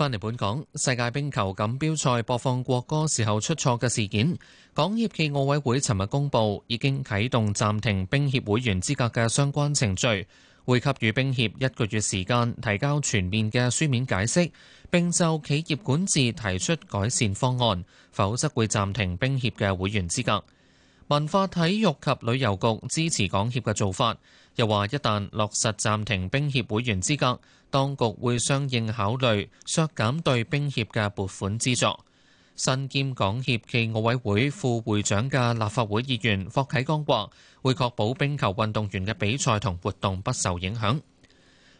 翻嚟本港，世界冰球錦標賽播放國歌時候出錯嘅事件，港協暨奧委會尋日公布已經啟動暫停冰協會員資格嘅相關程序，會給予冰協一個月時間提交全面嘅書面解釋，并就企業管治提出改善方案，否則會暫停冰協嘅會員資格。文化體育及旅遊局支持港協嘅做法，又話一旦落實暫停冰協會員資格。當局會相應考慮削減對冰協嘅撥款資助。身兼港協暨奧委會副會，副會長嘅立法會議員霍啟剛話，會確保冰球運動員嘅比賽同活動不受影響。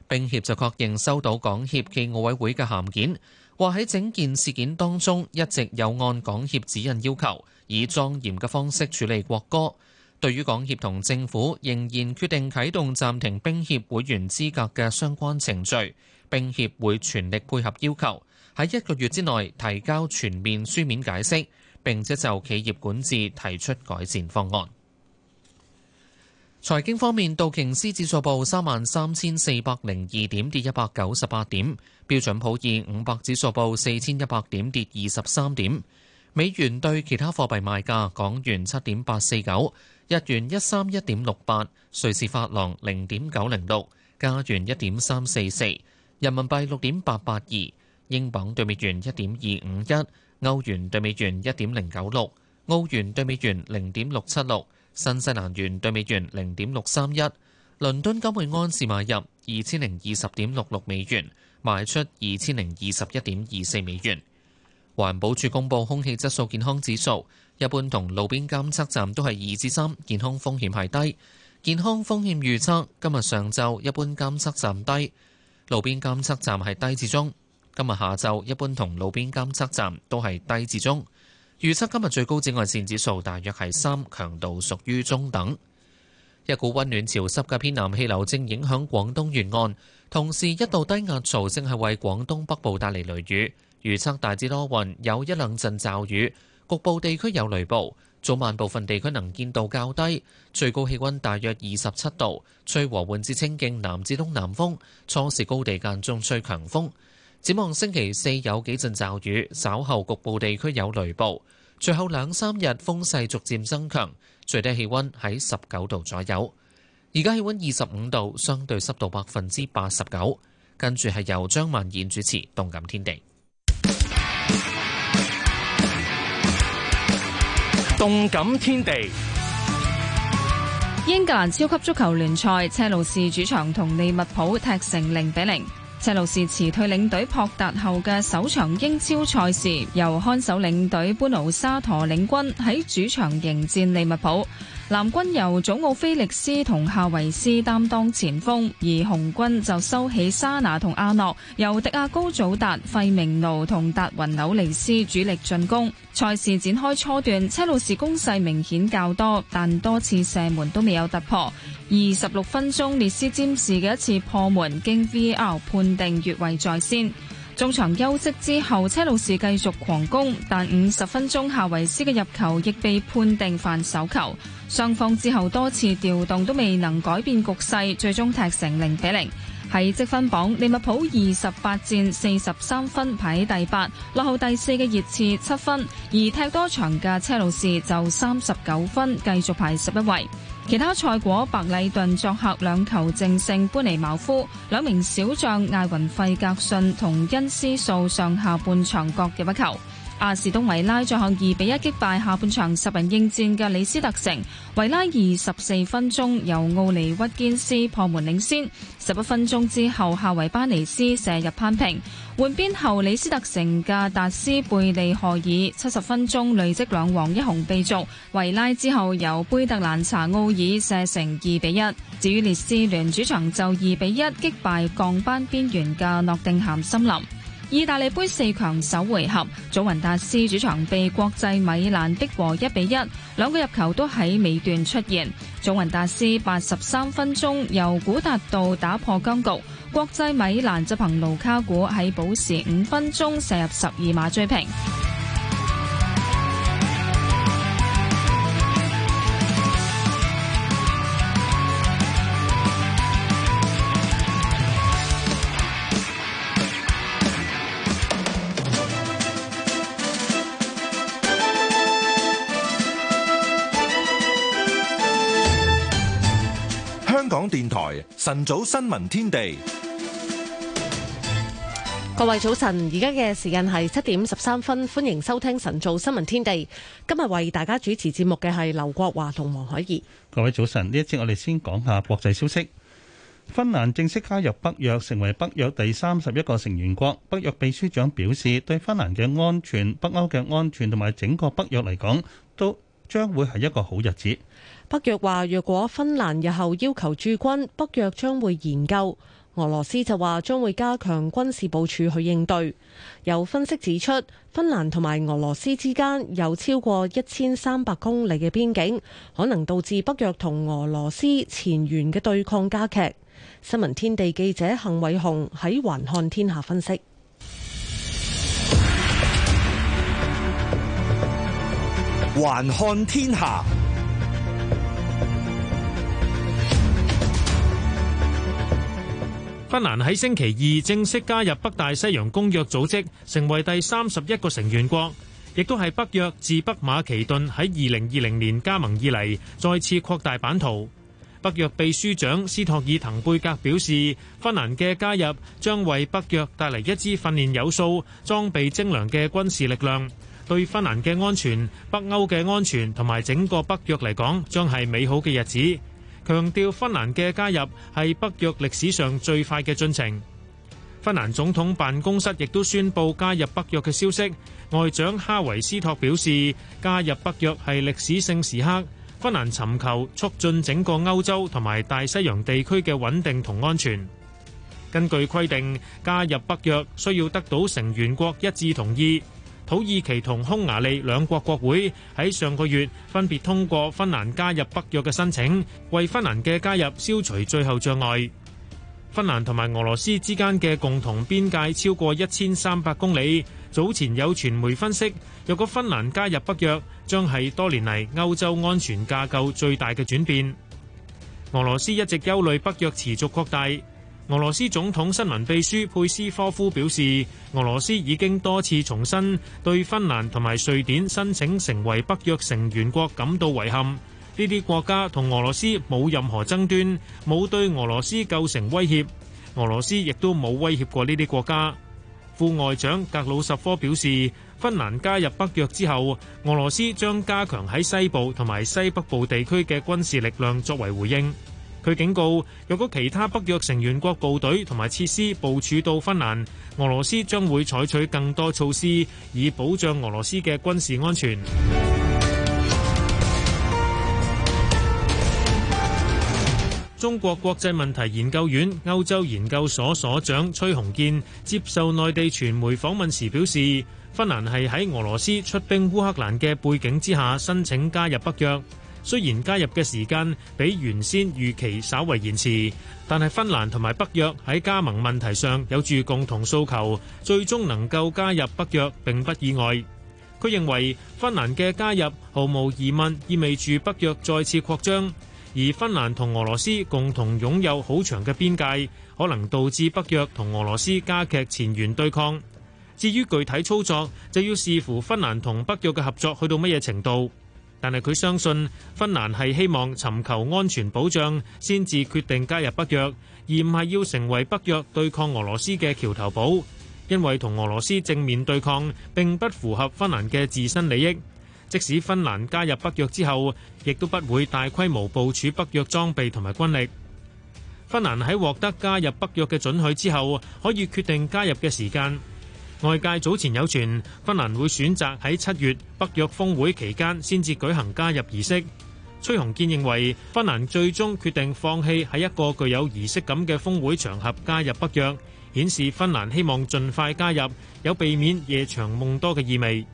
冰協就確認收到港協暨奧委會嘅函件，話喺整件事件當中一直有按港協指引要求，以莊嚴嘅方式處理國歌。對於港協同政府仍然決定啟動暫停冰協會員資格嘅相關程序，冰協會全力配合要求，喺一個月之內提交全面書面解釋，並且就企業管治提出改善方案。財經方面，道瓊斯指數報三萬三千四百零二點，跌一百九十八點；標準普爾五百指數報四千一百點，跌二十三點。美元對其他貨幣賣價，港元七點八四九。日元一三一點六八，瑞士法郎零點九零六，加元一點三四四，人民幣六點八八二，英鎊對美元一點二五一，歐元對美元一點零九六，澳元對美元零點六七六，新西蘭元對美元零點六三一。倫敦金匯安士買入二千零二十點六六美元，賣出二千零二十一點二四美元。環保署公布空氣質素健康指數。一般同路邊監測站都係二至三，健康風險係低。健康風險預測今日上晝一般監測站低，路邊監測站係低至中。今日下晝一般同路邊監測站都係低至中。預測今日最高紫外線指數大約係三，強度屬於中等。一股溫暖潮濕嘅偏南氣流正影響廣東沿岸，同時一道低壓槽正係為廣東北部帶嚟雷雨，預測大致多雲，有一兩陣驟雨。局部地區有雷暴，早晚部分地區能見度較低，最高氣温大約二十七度，吹和緩至清勁南至東南風，初時高地間中吹強風。展望星期四有幾陣驟雨，稍後局部地區有雷暴，最後兩三日風勢逐漸增強，最低氣温喺十九度左右。而家氣温二十五度，相對濕度百分之八十九。跟住係由張曼燕主持《動感天地》。動感天地，英格蘭超級足球聯賽，車路士主場同利物浦踢成零比零。車路士辭退領隊博達後嘅首場英超賽事，由看守領隊班奴沙陀領軍喺主場迎戰利物浦。藍軍由祖奧菲力斯同夏維斯擔當前鋒，而紅軍就收起沙拿同阿諾，由迪亞高祖達、費明奴同達雲紐尼斯主力進攻。賽事展開初段，車路士攻勢明顯較多，但多次射門都未有突破。二十六分鐘，列斯占士嘅一次破門經 V.R. 判定越位在先。中場休息之後，車路士繼續狂攻，但五十分鐘夏維斯嘅入球亦被判定犯手球。雙方之後多次調動都未能改變局勢，最終踢成零比零。喺積分榜，利物浦二十八戰四十三分排喺第八，落後第四嘅熱刺七分；而踢多場嘅車路士就三十九分，繼續排十一位。其他賽果，白禮頓作客兩球淨勝搬尼茅夫，兩名小將艾雲費格信同恩斯素上下半場各入一球。阿士東維拉最後二比一擊敗下半場十人應戰嘅里斯特城，維拉二十四分鐘由奧尼屈堅斯破門領先，十一分鐘之後夏維巴尼斯射入扳平。換邊後里斯特城嘅達斯貝利荷爾七十分鐘累積兩黃一紅被逐，維拉之後由貝特蘭查奧爾射成二比一。至於列斯聯主場就二比一擊敗降班邊緣嘅諾定咸森林。意大利杯四強首回合，祖雲達斯主場被國際米蘭逼和一比一，兩個入球都喺尾段出現。祖雲達斯八十三分鐘由古達度打破僵局，國際米蘭則憑盧卡古喺保時五分鐘射入十二碼追平。晨早新聞天地，各位早晨，而家嘅時間係七點十三分，歡迎收聽晨早新聞天地。今日為大家主持節目嘅係劉國華同黃海怡。各位早晨，呢一節我哋先講下國際消息。芬蘭正式加入北約，成為北約第三十一個成員國。北約秘書長表示，對芬蘭嘅安全、北歐嘅安全同埋整個北約嚟講，都將會係一個好日子。北約話，若果芬蘭日後要求駐軍，北約將會研究。俄羅斯就話將會加強軍事部署去應對。有分析指出，芬蘭同埋俄羅斯之間有超過一千三百公里嘅邊境，可能導致北約同俄羅斯前沿嘅對抗加劇。新聞天地記者幸偉雄喺《還看天下》分析，《還看天下》。芬蘭喺星期二正式加入北大西洋公約組織，成為第三十一個成員國，亦都係北約自北馬其頓喺二零二零年加盟以嚟再次擴大版圖。北約秘書長斯托爾滕貝格表示，芬蘭嘅加入將為北約帶嚟一支訓練有素、裝備精良嘅軍事力量，對芬蘭嘅安全、北歐嘅安全同埋整個北約嚟講，將係美好嘅日子。強調芬蘭嘅加入係北約歷史上最快嘅進程。芬蘭總統辦公室亦都宣佈加入北約嘅消息。外長哈維斯托表示，加入北約係歷史性時刻。芬蘭尋求促進整個歐洲同埋大西洋地區嘅穩定同安全。根據規定，加入北約需要得到成員國一致同意。土耳其同匈牙利兩國國會喺上個月分別通過芬蘭加入北約嘅申請，為芬蘭嘅加入消除最後障礙。芬蘭同埋俄羅斯之間嘅共同邊界超過一千三百公里。早前有傳媒分析，若果芬蘭加入北約，將係多年嚟歐洲安全架構最大嘅轉變。俄羅斯一直憂慮北約持續擴大。俄羅斯總統新聞秘書佩斯科夫表示，俄羅斯已經多次重申對芬蘭同埋瑞典申請成為北約成員國感到遺憾。呢啲國家同俄羅斯冇任何爭端，冇對俄羅斯構成威脅。俄羅斯亦都冇威脅過呢啲國家。副外長格魯什科表示，芬蘭加入北約之後，俄羅斯將加強喺西部同埋西北部地區嘅軍事力量作為回應。佢警告，若果其他北約成員國部隊同埋設施部署到芬蘭，俄羅斯將會採取更多措施，以保障俄羅斯嘅軍事安全。 中國國際問題研究院歐洲研究所所,所長崔洪建接受內地傳媒訪問時表示，芬蘭係喺俄羅斯出兵烏克蘭嘅背景之下申請加入北約。雖然加入嘅時間比原先預期稍為延遲，但係芬蘭同埋北約喺加盟問題上有住共同訴求，最終能夠加入北約並不意外。佢認為芬蘭嘅加入毫無疑問意味住北約再次擴張，而芬蘭同俄羅斯共同擁有好長嘅邊界，可能導致北約同俄羅斯加劇前沿對抗。至於具體操作，就要視乎芬蘭同北約嘅合作去到乜嘢程度。但係佢相信芬蘭係希望尋求安全保障，先至決定加入北約，而唔係要成為北約對抗俄羅斯嘅橋頭堡。因為同俄羅斯正面對抗並不符合芬蘭嘅自身利益。即使芬蘭加入北約之後，亦都不會大規模部署北約裝備同埋軍力。芬蘭喺獲得加入北約嘅準許之後，可以決定加入嘅時間。外界早前有傳，芬蘭會選擇喺七月北約峰會期間先至舉行加入儀式。崔洪建認為芬蘭最終決定放棄喺一個具有儀式感嘅峰會場合加入北約，顯示芬蘭希望盡快加入，有避免夜長夢多嘅意味。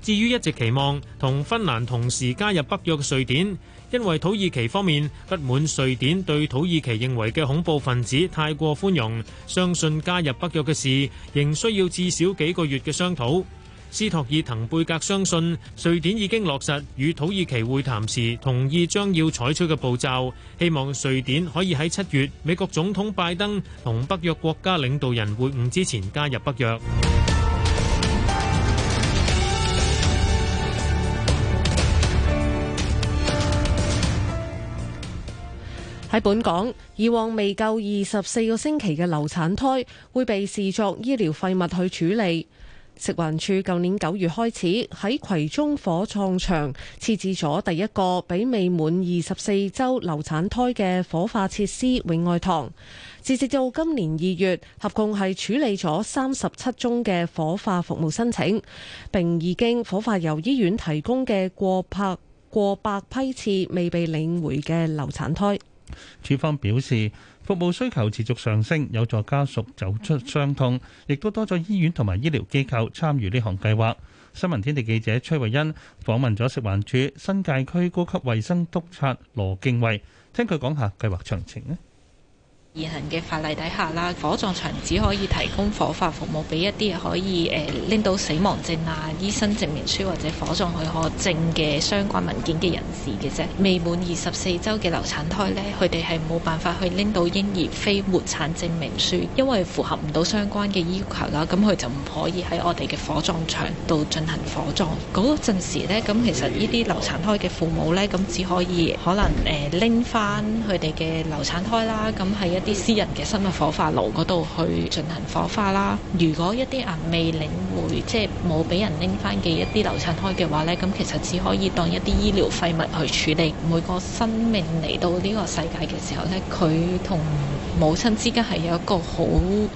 至於一直期望同芬蘭同時加入北約嘅瑞典。因為土耳其方面不滿瑞典對土耳其認為嘅恐怖分子太過寬容，相信加入北約嘅事仍需要至少幾個月嘅商討。斯托爾滕貝格相信瑞典已經落實與土耳其會談時同意將要採取嘅步驟，希望瑞典可以喺七月美國總統拜登同北約國家領導人會晤之前加入北約。喺本港，以往未夠二十四個星期嘅流產胎會被視作醫療廢物去處理。食環署舊年九月開始喺葵涌火葬場設置咗第一個俾未滿二十四週流產胎嘅火化設施永愛堂。截至到今年二月，合共係處理咗三十七宗嘅火化服務申請，並已經火化由醫院提供嘅過百過百批次未被領回嘅流產胎。署方表示，服務需求持續上升，有助家屬走出傷痛，亦都多咗醫院同埋醫療機構參與呢項計劃。新聞天地記者崔慧欣訪問咗食環署新界區高級衛生督察羅敬慧，聽佢講下計劃詳情咧。現行嘅法例底下啦，火葬場只可以提供火化服務俾一啲可以誒拎、呃、到死亡證啊、醫生證明書或者火葬許可證嘅相關文件嘅人士嘅啫。未滿二十四週嘅流產胎呢，佢哋係冇辦法去拎到嬰兒非活產證明書，因為符合唔到相關嘅要求啦，咁佢就唔可以喺我哋嘅火葬場度進行火葬。嗰陣時呢，咁其實呢啲流產胎嘅父母呢，咁只可以可能誒拎返佢哋嘅流產胎啦，咁係一。私人嘅生物火化爐嗰度去進行火化啦。如果一啲人未領回，即係冇俾人拎翻嘅一啲流產胎嘅話咧，咁其實只可以當一啲醫療廢物去處理。每個生命嚟到呢個世界嘅時候咧，佢同母親之間係有一個好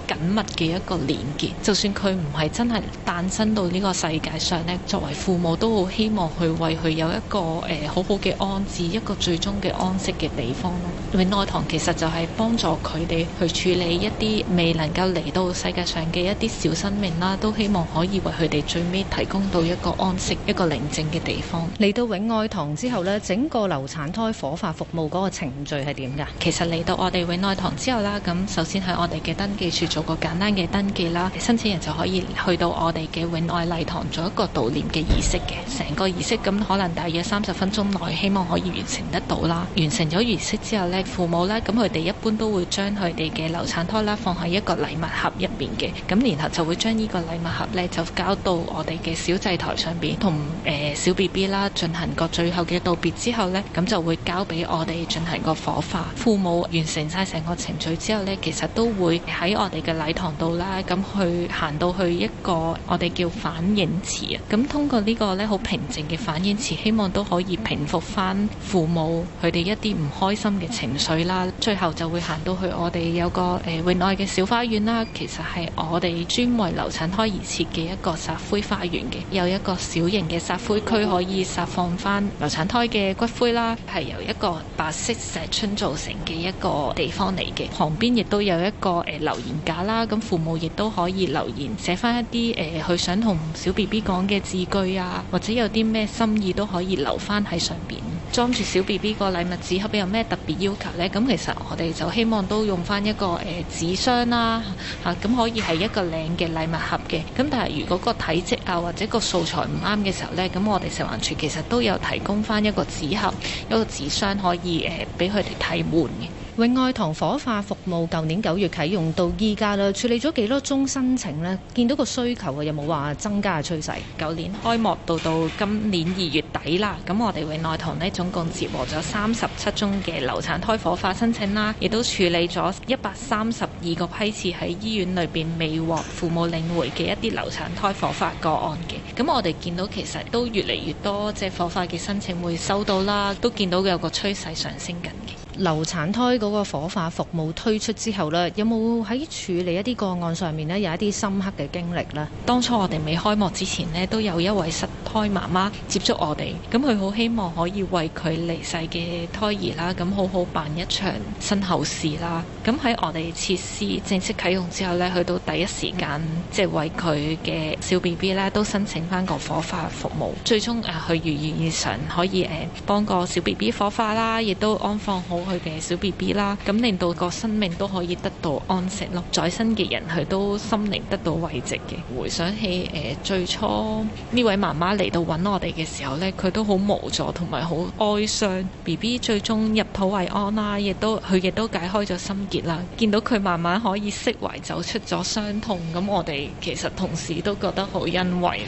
緊密嘅一個連結，就算佢唔係真係誕生到呢個世界上咧，作為父母都好希望去為佢有一個誒、呃、好好嘅安置，一個最終嘅安息嘅地方咯。永愛堂其實就係幫助。佢哋去處理一啲未能夠嚟到世界上嘅一啲小生命啦，都希望可以為佢哋最尾提供到一個安息、一個寧靜嘅地方。嚟到永愛堂之後呢，整個流產胎火化服務嗰個程序係點㗎？其實嚟到我哋永愛堂之後啦，咁首先喺我哋嘅登記處做個簡單嘅登記啦，申請人就可以去到我哋嘅永愛禮堂做一個悼念嘅儀式嘅。成個儀式咁可能大約三十分鐘內，希望可以完成得到啦。完成咗儀式之後呢，父母呢，咁佢哋一般都會。將佢哋嘅流產胎啦放喺一個禮物盒入邊嘅，咁然後就會將呢個禮物盒呢，就交到我哋嘅小祭台上邊，同誒、呃、小 B B 啦進行個最後嘅道別之後呢，咁就會交俾我哋進行個火化。父母完成晒成個程序之後呢，其實都會喺我哋嘅禮堂度啦，咁去行到去一個我哋叫反應池啊，咁通過呢個呢好平靜嘅反應池，希望都可以平復翻父母佢哋一啲唔開心嘅情緒啦。最後就會行到，去我哋有個誒永愛嘅小花園啦，其實係我哋專為流產胎而設嘅一個撒灰花園嘅，有一個小型嘅撒灰區可以撒放翻流產胎嘅骨灰啦，係由一個白色石春造成嘅一個地方嚟嘅。旁邊亦都有一個誒、呃、留言架啦，咁父母亦都可以留言寫翻一啲誒佢想同小 B B 講嘅字句啊，或者有啲咩心意都可以留翻喺上邊。裝住小 B B 個禮物紙盒有咩特別要求呢？咁其實我哋就希望都用翻一個誒紙箱啦，嚇咁可以係一個靚嘅禮物盒嘅。咁但係如果個體積啊或者個素材唔啱嘅時候呢，咁我哋食環署其實都有提供翻一個紙盒，一個紙箱可以誒俾佢哋替換嘅。永愛堂火化服務舊年九月啟用到依家啦，處理咗幾多宗申請呢？見到個需求啊，有冇話增加嘅趨勢？舊年開幕到到今年二月底啦，咁我哋永愛堂呢，總共接獲咗三十七宗嘅流產胎火化申請啦，亦都處理咗一百三十二個批次喺醫院裏邊未獲父母領回嘅一啲流產胎火化個案嘅。咁我哋見到其實都越嚟越多，即係火化嘅申請會收到啦，都見到有個趨勢上升緊嘅。流產胎嗰個火化服務推出之後呢，有冇喺處理一啲個案上面呢，有一啲深刻嘅經歷呢？當初我哋未開幕之前呢都有一位失胎媽媽接觸我哋，咁佢好希望可以為佢離世嘅胎兒啦，咁好好辦一場身後事啦。咁喺我哋設施正式啟用之後呢去到第一時間即係、就是、為佢嘅小 B B 呢，都申請翻個火化服務，最終誒佢如願以償可以誒幫個小 B B 火化啦，亦都安放好。佢嘅小 B B 啦，咁令到個生命都可以得到安息，在生嘅人佢都心靈得到慰藉嘅。回想起誒、呃、最初呢位媽媽嚟到揾我哋嘅時候呢，佢都好無助同埋好哀傷。B B 最終入土為安啦，亦都佢亦都解開咗心結啦。見到佢慢慢可以釋懷，走出咗傷痛，咁我哋其實同時都覺得好欣慰。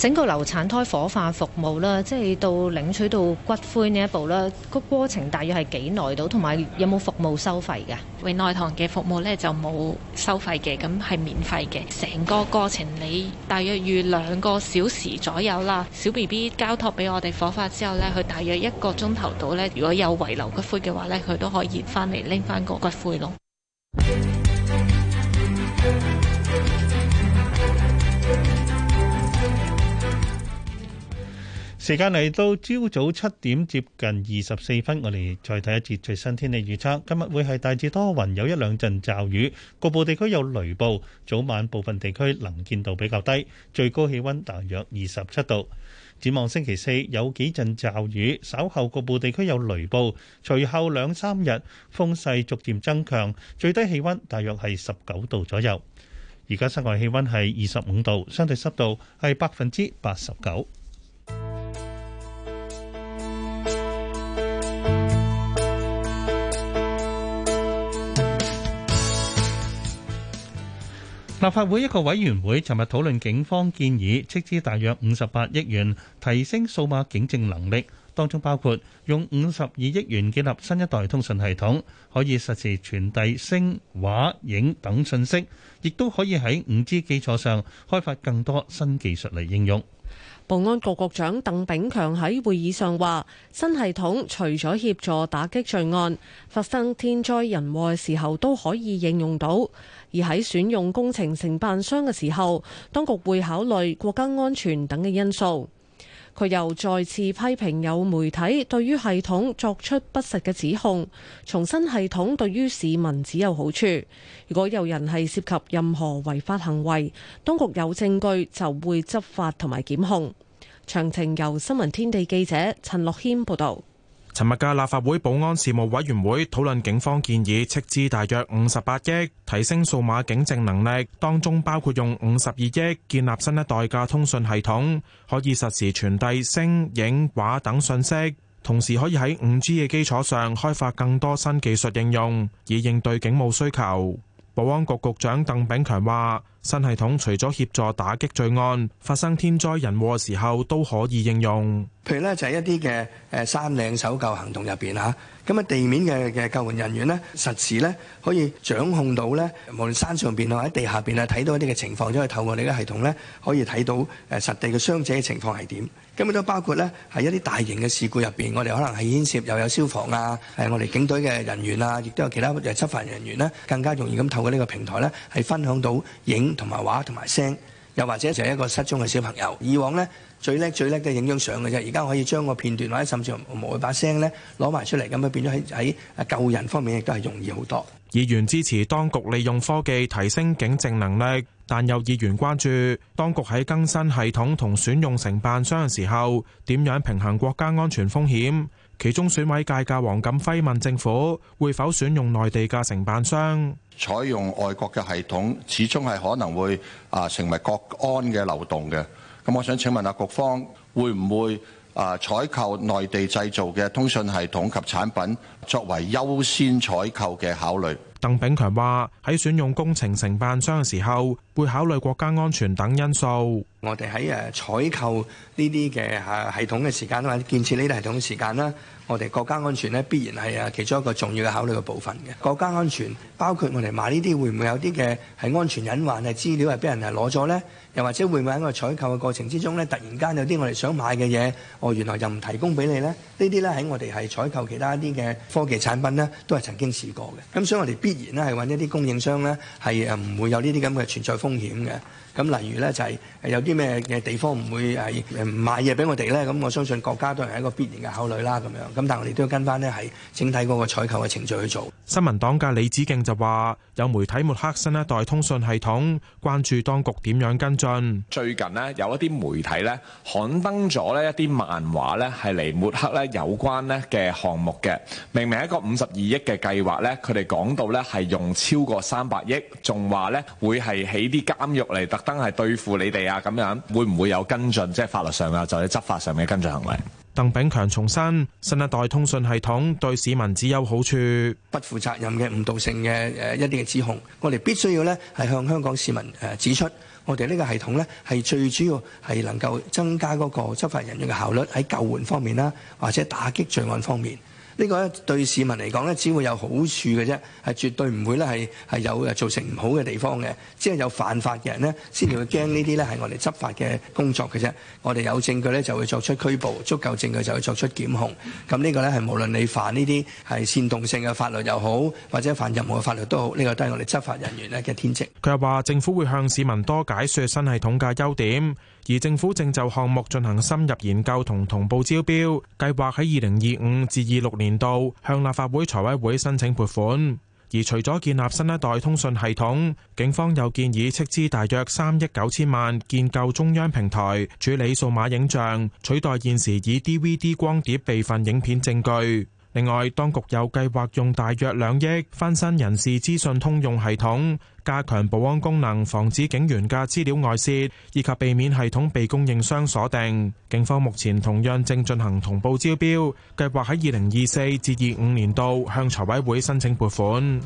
整個流產胎火化服務啦，即係到領取到骨灰呢一步啦，個過程大約係幾耐到？同埋有冇服務收費嘅？永愛堂嘅服務呢就冇收費嘅，咁係免費嘅。成個過程你大約預兩個小時左右啦。小 B B 交託俾我哋火化之後呢，佢大約一個鐘頭到呢。如果有遺留骨灰嘅話呢，佢都可以翻嚟拎翻個骨灰囉。時間嚟到朝早七點接近二十四分，我哋再睇一次最新天氣預測。今日會係大致多雲，有一兩陣驟雨，局部地區有雷暴，早晚部分地區能見度比較低，最高氣溫大約二十七度。展望星期四有幾陣驟雨，稍後局部地區有雷暴，隨後兩三日風勢逐漸增強，最低氣溫大約係十九度左右。而家室外氣溫係二十五度，相對濕度係百分之八十九。立法會一個委員會尋日討論警方建議，斥資大約五十八億元提升數碼警政能力，當中包括用五十二億元建立新一代通訊系統，可以實時傳遞聲、畫、影等信息，亦都可以喺五 G 基礎上開發更多新技術嚟應用。保安局局長鄧炳強喺會議上話：新系統除咗協助打擊罪案，發生天災人禍嘅時候都可以應用到。而喺選用工程承辦商嘅時候，當局會考慮國家安全等嘅因素。佢又再次批評有媒體對於系統作出不實嘅指控，重申系統對於市民只有好處。如果有人係涉及任何違法行為，當局有證據就會執法同埋檢控。詳情由新聞天地記者陳樂軒報導。尋日嘅立法會保安事務委員會討論警方建議斥資大約五十八億提升數碼警政能力，當中包括用五十二億建立新一代嘅通訊系統，可以實時傳遞聲、影、畫等信息，同時可以喺五 G 嘅基礎上開發更多新技術應用，以應對警務需求。保安局局長鄧炳強話。新系統除咗協助打擊罪案，發生天災人禍嘅時候都可以應用。譬如咧就係、是、一啲嘅誒山嶺搜救行動入邊吓，咁啊地面嘅嘅救援人員咧實時咧可以掌控到咧，無論山上邊啊喺地下邊啊睇到一啲嘅情況，都可以透過你嘅系統咧可以睇到誒實地嘅傷者嘅情況係點。咁亦都包括咧係一啲大型嘅事故入邊，我哋可能係牽涉又有消防啊，誒我哋警隊嘅人員啊，亦都有其他誒執法人員咧，更加容易咁透過呢個平台咧係分享到影。同埋畫同埋聲，又或者就係一個失蹤嘅小朋友。以往呢，最叻最叻嘅影張相嘅啫，而家可以將個片段或者甚至乎某把聲呢攞埋出嚟，咁樣變咗喺喺救人方面亦都係容易好多。議員支持當局利用科技提升警政能力，但有議員關注當局喺更新系統同選用承辦商嘅時候，點樣平衡國家安全風險？其中選委界嘅黃錦輝問政府會否選用內地嘅承辦商，採用外國嘅系統，始終係可能會啊成為國安嘅漏洞嘅。咁我想請問下局方會唔會？啊！採購內地製造嘅通訊系統及產品，作為優先採購嘅考慮。鄧炳強話：喺選用工程承辦商嘅時候，會考慮國家安全等因素。我哋喺誒採購呢啲嘅系統嘅時間或者建設呢啲系統嘅時間啦，我哋國家安全咧必然係啊其中一個重要嘅考慮嘅部分嘅。國家安全包括我哋買呢啲會唔會有啲嘅係安全隱患嘅資料係俾人係攞咗咧？又或者會唔會喺個採購嘅過程之中咧，突然間有啲我哋想買嘅嘢，哦原來又唔提供俾你咧，呢啲咧喺我哋係採購其他一啲嘅科技產品咧，都係曾經試過嘅。咁所以我哋必然咧係揾一啲供應商咧係唔會有呢啲咁嘅存在風險嘅。咁例如咧就係有啲咩嘅地方唔會係唔買嘢俾我哋咧，咁我相信國家都係一個必然嘅考慮啦咁樣。咁但係我哋都要跟翻咧係整體嗰個採購嘅程序去做。新聞黨嘅李梓敬就話：有媒體抹黑新一代通訊系統，關注當局點樣跟進。最近咧，有一啲媒體咧刊登咗咧一啲漫畫咧，係嚟抹黑咧有關咧嘅項目嘅。明明一個五十二億嘅計劃咧，佢哋講到咧係用超過三百億，仲話咧會係起啲監獄嚟特登係對付你哋啊咁樣，會唔會有跟進？即係法律上啊，就喺執法上面嘅跟進行為。鄧炳強重申，新一代通訊系統對市民只有好處，不負責任嘅誤導性嘅誒一啲嘅指控，我哋必須要呢係向香港市民誒指出。我哋呢個系統咧，係最主要係能夠增加嗰個執法人員嘅效率，喺救援方面啦，或者打擊罪案方面。呢個咧對市民嚟講咧，只會有好處嘅啫，係絕對唔會咧係係有誒造成唔好嘅地方嘅。只係有犯法嘅人咧，先至會驚呢啲咧係我哋執法嘅工作嘅啫。我哋有證據咧就會作出拘捕，足夠證據就會作出檢控。咁呢個咧係無論你犯呢啲係煽動性嘅法律又好，或者犯任何法律都好，呢個都係我哋執法人員咧嘅天職。佢又話：政府會向市民多解説新系統嘅優點。而政府正就項目進行深入研究同同步招標，計劃喺二零二五至二六年度向立法會財委會申請撥款。而除咗建立新一代通訊系統，警方又建議斥資大約三億九千萬建構中央平台，處理數碼影像，取代現時以 DVD 光碟備份影片證據。另外，當局有計劃用大約兩億翻新人事資訊通用系統，加強保安功能，防止警員嘅資料外泄，以及避免系統被供應商鎖定。警方目前同樣正進行同步招標，計劃喺二零二四至二五年度向財委會申請撥款。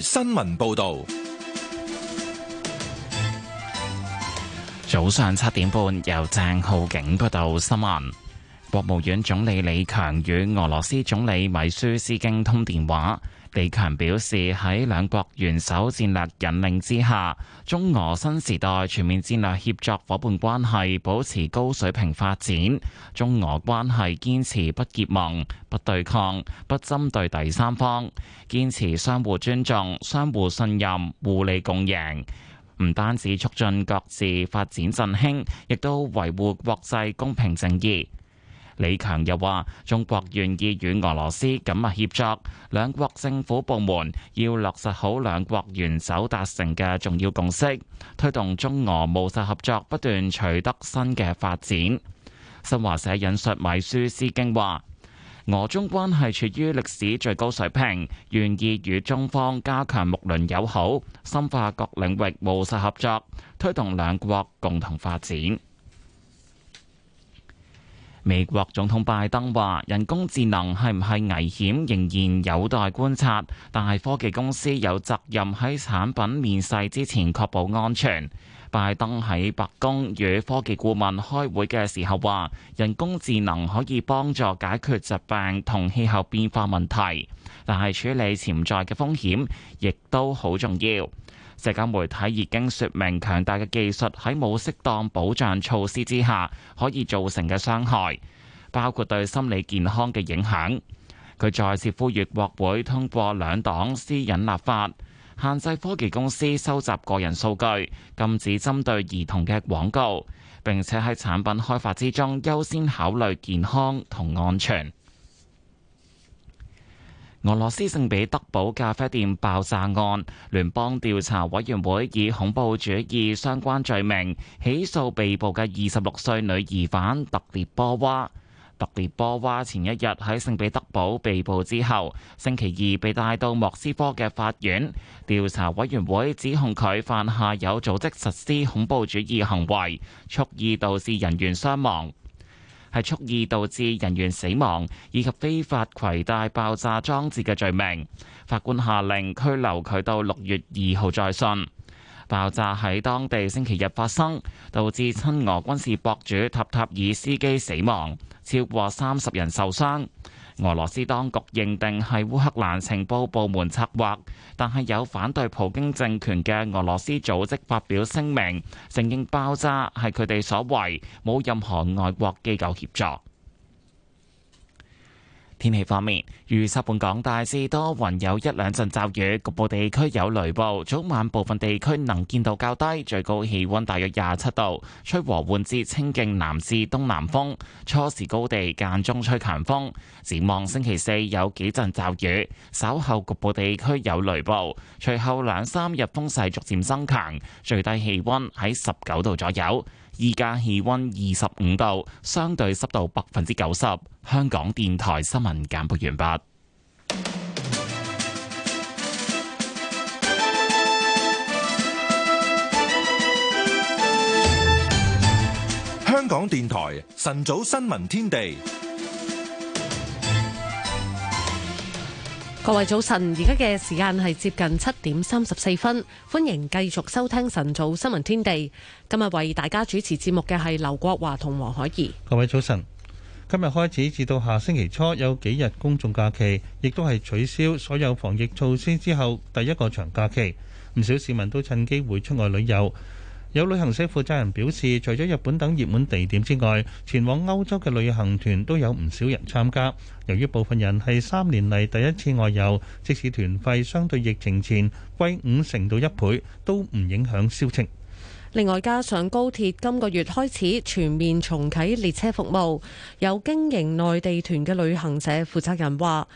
新聞報道。早上七點半，由鄭浩景報道新聞。國務院總理李強與俄羅斯總理米舒斯京通電話。李強表示，喺兩國元首戰略引領之下，中俄新時代全面戰略協作夥伴關係保持高水平發展。中俄關係堅持不結盟、不對抗、不針對第三方，堅持相互尊重、相互信任、互利共贏，唔單止促進各自發展振興，亦都維護國際公平正義。李強又話：中國願意與俄羅斯緊密協作，兩國政府部門要落實好兩國元首達成嘅重要共識，推動中俄務實合作不斷取得新嘅發展。新華社引述米舒斯京話：俄中關係處於歷史最高水平，願意與中方加強睦鄰友好，深化各領域務實合作，推動兩國共同發展。美國總統拜登話：人工智能係唔係危險，仍然有待觀察。但係科技公司有責任喺產品面世之前確保安全。拜登喺白宮與科技顧問開會嘅時候話：人工智能可以幫助解決疾病同氣候變化問題，但係處理潛在嘅風險亦都好重要。社交媒體已經説明強大嘅技術喺冇適當保障措施之下，可以造成嘅傷害，包括對心理健康嘅影響。佢再次呼籲國會通過兩黨私隱立法，限制科技公司收集個人數據，禁止針對兒童嘅廣告，並且喺產品開發之中優先考慮健康同安全。俄羅斯聖彼得堡咖啡店爆炸案，聯邦調查委員會以恐怖主義相關罪名起訴被捕嘅二十六歲女疑犯特列波娃。特列波娃前一日喺聖彼得堡被捕之後，星期二被帶到莫斯科嘅法院。調查委員會指控佢犯下有組織實施恐怖主義行為，蓄意導致人員傷亡。係蓄意導致人員死亡以及非法攜帶爆炸裝置嘅罪名，法官下令拘留佢到六月二號再訊。爆炸喺當地星期日發生，導致親俄軍事博主塔塔爾斯基死亡，超過三十人受傷。俄羅斯當局認定係烏克蘭情報部門策劃，但係有反對普京政權嘅俄羅斯組織發表聲明，承認爆炸係佢哋所為，冇任何外國機構協助。天氣方面，預測本港大致多雲，有一兩陣驟雨，局部地區有雷暴，早晚部分地區能見度較低，最高氣溫大約廿七度，吹和緩至清勁南至東南風，初時高地間中吹強風。展望星期四有幾陣驟雨，稍後局部地區有雷暴，隨後兩三日風勢逐漸增強，最低氣溫喺十九度左右。而家氣溫二十五度，相對濕度百分之九十。香港電台新聞簡報完畢。香港電台晨早新聞天地。各位早晨，而家嘅時間係接近七點三十四分，歡迎繼續收聽晨早新聞天地。今日為大家主持節目嘅係劉國華同黃海怡。各位早晨，今日開始至到下星期初有幾日公眾假期，亦都係取消所有防疫措施之後第一個長假期，唔少市民都趁機會出外旅遊。有旅行社負責人表示，除咗日本等熱門地點之外，前往歐洲嘅旅行團都有唔少人參加。由於部分人係三年嚟第一次外遊，即使團費相對疫情前貴五成到一倍，都唔影響銷情。另外，加上高鐵今個月開始全面重啟列車服務，有經營內地團嘅旅行社負責人話。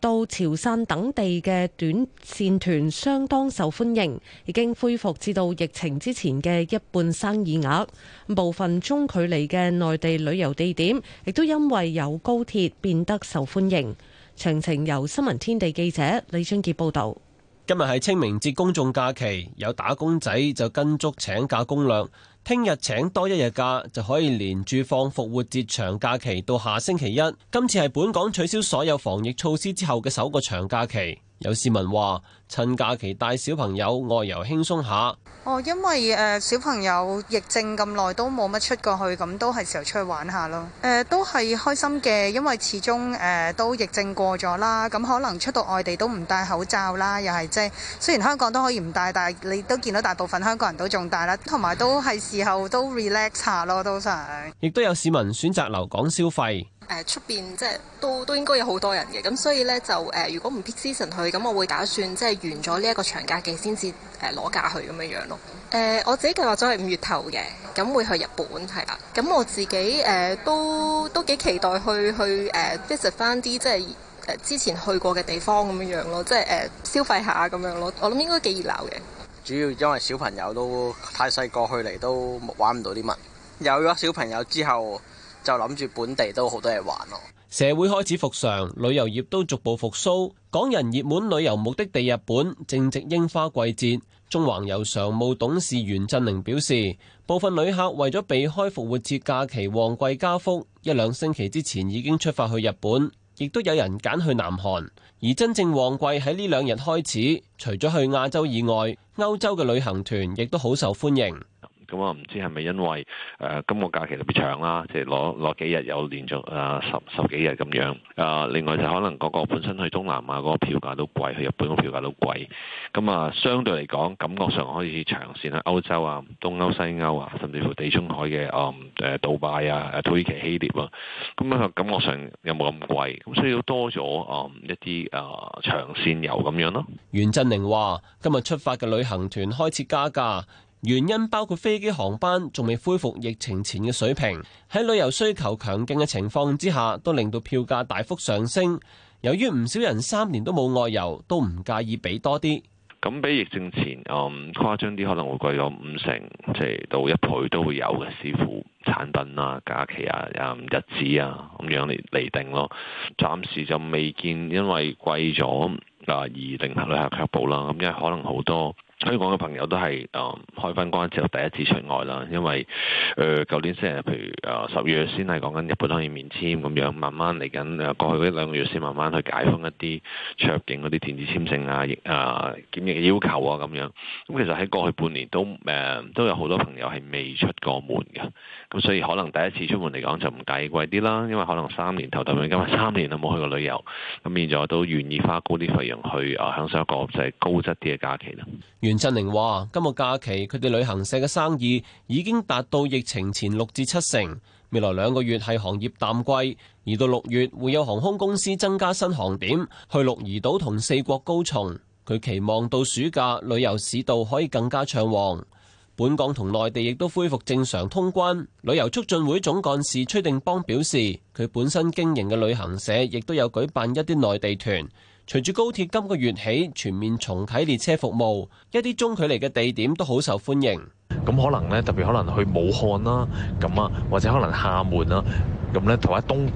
到潮汕等地嘅短線團相當受歡迎，已經恢復至到疫情之前嘅一半生意額。部分中距離嘅內地旅遊地點，亦都因為有高鐵變得受歡迎。詳情由新聞天地記者李俊傑報道。今日係清明節公眾假期，有打工仔就跟足請假攻略。聽日請多一日假，就可以連住放復活節長假期到下星期一。今次係本港取消所有防疫措施之後嘅首個長假期。有市民話：趁假期帶小朋友外遊，輕鬆下。哦，因為誒小朋友疫症咁耐都冇乜出過去，咁都係時候出去玩下咯。誒都係開心嘅，因為始終誒都疫症過咗啦，咁可能出到外地都唔戴口罩啦，又係即係雖然香港都可以唔戴，但係你都見到大部分香港人都仲戴啦，同埋都係時候都 relax 下咯，都想。亦都有市民選擇留港消費。誒，出邊、呃、即係都都應該有好多人嘅，咁所以咧就誒、呃，如果唔 peak season 去，咁我會打算即係完咗呢一個長假期先至誒攞假去咁樣樣咯。誒，我自己計劃咗係五月頭嘅，咁、嗯、會去日本係啊，咁我自己誒、呃、都都幾期待去去誒、呃、visit 翻啲即係誒、呃、之前去過嘅地方咁樣樣咯，即係誒消費下咁樣咯。我諗應該幾熱鬧嘅。主要因為小朋友都太細個，去嚟都玩唔到啲乜。有咗小朋友之後。就諗住本地都好多嘢玩咯。社會開始復常，旅遊業都逐步復蘇，港人熱門旅遊目的地日本正值櫻花季節，縱橫遊常務董事袁振寧表示，部分旅客為咗避開復活節假期旺季加幅，一兩星期之前已經出發去日本，亦都有人揀去南韓，而真正旺季喺呢兩日開始，除咗去亞洲以外，歐洲嘅旅行團亦都好受歡迎。咁我唔知係咪因為誒、呃、今個假期特別長啦，即係攞攞幾日有連續誒、呃、十十幾日咁樣。誒、呃、另外就可能個個本身去東南亞嗰個票價都貴，去日本個票價都貴。咁、嗯、啊，相對嚟講，感覺上可以長線喺歐洲啊、東歐、西歐啊，甚至乎地中海嘅誒、呃、杜拜啊、土耳其希臘啊。咁、嗯、樣感覺上有冇咁貴，咁、嗯、所以都多咗誒、呃、一啲誒、呃、長線遊咁樣咯、啊。袁振寧話：今日出發嘅旅行團開始加價。原因包括飛機航班仲未恢復疫情前嘅水平，喺旅遊需求強勁嘅情況之下，都令到票價大幅上升。由於唔少人三年都冇外遊，都唔介意俾多啲。咁比疫症前誒、嗯、誇張啲可能會貴咗五成，即係到一倍都會有嘅。視乎產品啊、假期啊、誒、嗯、日子啊咁樣嚟嚟定咯。暫時就未見因為貴咗嗱而令旅客卻步啦。咁因為可能好多。香港嘅朋友都、呃、係誒開翻關之後第一次出外啦，因為誒舊、呃、年星期日，譬如誒、呃、十月先係講緊日本可以免簽咁樣，慢慢嚟緊誒過去嗰一兩個月先慢慢去解封一啲出入境嗰啲電子簽證啊、疫、呃、啊檢疫嘅要求啊咁樣。咁、嗯、其實喺過去半年都誒、呃、都有好多朋友係未出過門嘅，咁、嗯、所以可能第一次出門嚟講就唔介意貴啲啦，因為可能三年頭頭尾咁係三年都冇去過旅遊，咁現在都願意花高啲費用去誒、呃、享受一個就係高質啲嘅假期啦。袁振寧話，今個假期佢哋旅行社嘅生意已經達到疫情前六至七成，未來兩個月係行業淡季，而到六月會有航空公司增加新航點去鹿兒島同四國高松。佢期望到暑假旅遊市道可以更加暢旺。本港同內地亦都恢復正常通關，旅遊促進會總幹事崔定邦表示，佢本身經營嘅旅行社亦都有舉辦一啲內地團。隨住高鐵今個月起全面重啟列車服務，一啲中距離嘅地點都好受歡迎。咁可能咧，特別可能去武漢啦，咁啊，或者可能廈門啦，咁咧，同一東誒誒、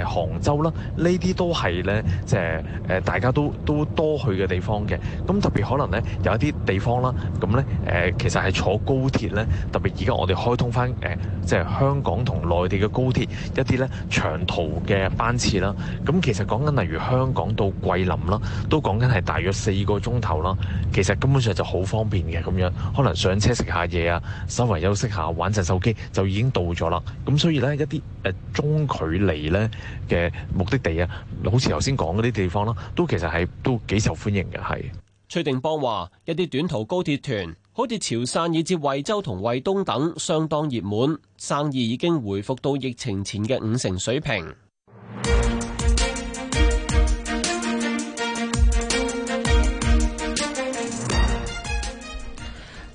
呃、杭州啦，呢啲都係咧，即係誒大家都都多去嘅地方嘅。咁特別可能咧，有一啲地方啦，咁咧誒，其實係坐高鐵咧，特別而家我哋開通翻誒，即、呃、係、就是、香港同內地嘅高鐵一啲咧長途嘅班次啦。咁其實講緊例如香港到桂林啦，都講緊係大約四個鐘頭啦。其實根本上就好方便嘅咁樣，可能上車食下嘢。啊，稍為休息下，玩陣手機就已經到咗啦。咁所以呢，一啲誒中距離咧嘅目的地啊，好似頭先講嗰啲地方啦，都其實係都幾受歡迎嘅。係。崔定邦話：一啲短途高鐵團，好似潮汕以至惠州同惠東等，相當熱門，生意已經回復到疫情前嘅五成水平。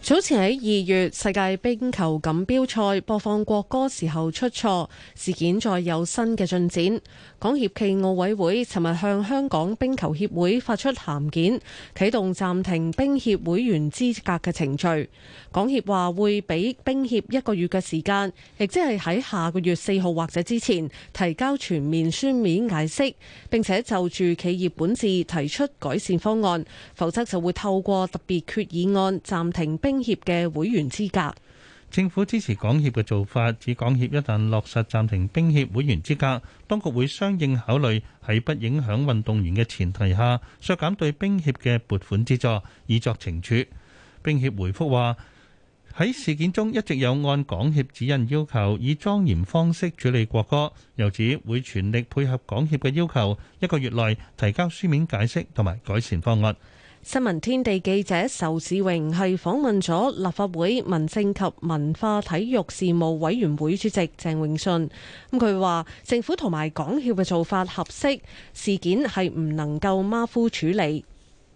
早前喺二月世界冰球錦標賽播放國歌時候出錯事件，再有新嘅進展。港協暨奧委會尋日向香港冰球協會發出函件，啟動暫停冰協會員資格嘅程序。港協話會俾冰協一個月嘅時間，亦即係喺下個月四號或者之前提交全面書面解釋，並且就住企業本質提出改善方案，否則就會透過特別決議案暫停冰協嘅會員資格。政府支持港協嘅做法，指港協一旦落實暫停冰協會員資格，當局會相應考慮喺不影響運動員嘅前提下，削減對冰協嘅撥款資助以作懲處。冰協回覆話：喺事件中一直有按港協指引要求以莊嚴方式處理國歌，又指會全力配合港協嘅要求，一個月內提交書面解釋同埋改善方案。新聞天地記者仇志榮係訪問咗立法會民政及文化體育事務委員會主席鄭永信，咁佢話政府同埋港協嘅做法合適，事件係唔能夠馬虎處理。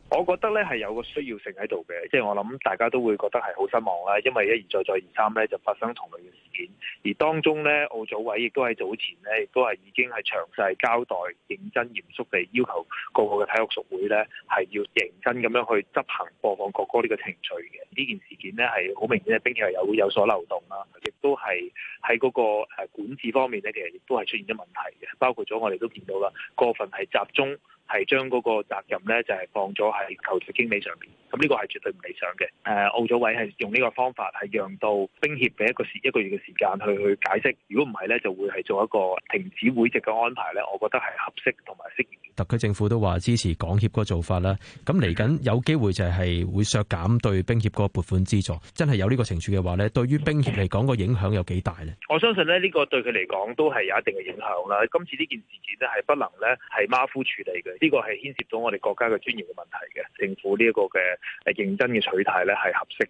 我覺得咧係有個需要性喺度嘅，即係我諗大家都會覺得係好失望啦，因為一而再、再而三咧就發生同類嘅事件，而當中咧奧組委亦都係早前咧亦都係已經係詳細交代、認真嚴肅地要求各個嘅體育屬會咧係要認真咁樣去執行播放國歌呢個程序嘅。呢件事件咧係好明顯係，並且係有有所流動啦，亦都係喺嗰個誒管治方面咧，其實亦都係出現咗問題嘅，包括咗我哋都見到啦過分係集中。係將嗰個責任咧，就係放咗喺球隊經理上邊。咁呢個係絕對唔理想嘅。誒，奧委會係用呢個方法係讓到冰協俾一個時一個月嘅時間去去解釋。如果唔係咧，就會係做一個停止會籍嘅安排咧。我覺得係合適同埋適宜。特區政府都話支持港協嗰個做法啦。咁嚟緊有機會就係會削減對冰協嗰撥款資助。真係有呢個懲處嘅話咧，對於冰協嚟講個影響有幾大呢？我相信咧，呢個對佢嚟講都係有一定嘅影響啦。今次呢件事件呢，係不能咧係馬虎處理嘅。呢個係牽涉到我哋國家嘅尊嚴嘅問題嘅，政府呢一個嘅認真嘅取態咧係合適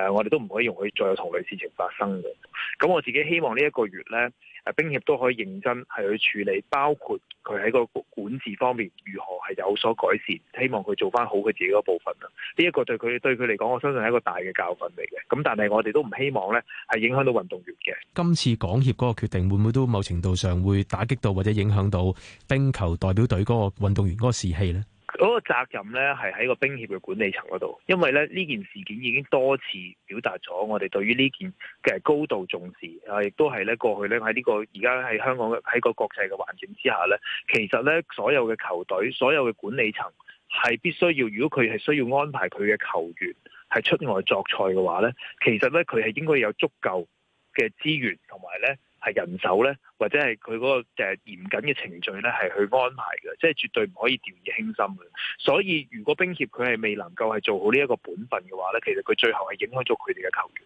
嘅，誒，我哋都唔可以容許再有同類事情發生嘅，咁我自己希望呢一個月咧。誒，冰協都可以認真係去處理，包括佢喺個管治方面如何係有所改善，希望佢做翻好佢自己嗰部分啦。呢、這、一個對佢對佢嚟講，我相信係一個大嘅教訓嚟嘅。咁但係我哋都唔希望呢係影響到運動員嘅。今次港協嗰個決定，會唔會都某程度上會打擊到或者影響到冰球代表隊嗰個運動員嗰個士氣呢？嗰個責任咧，係喺個冰協嘅管理層嗰度，因為咧呢件事件已經多次表達咗我哋對於呢件嘅高度重視啊！亦都係咧過去咧喺呢個而家喺香港喺個國際嘅環境之下咧，其實咧所有嘅球隊、所有嘅管理層係必須要，如果佢係需要安排佢嘅球員係出外作賽嘅話咧，其實咧佢係應該有足夠嘅資源同埋咧，係人手呢，或者係佢嗰個誒嚴謹嘅程序呢，係去安排嘅，即係絕對唔可以掉以輕心嘅。所以如果冰協佢係未能夠係做好呢一個本分嘅話呢，其實佢最後係影響咗佢哋嘅球員。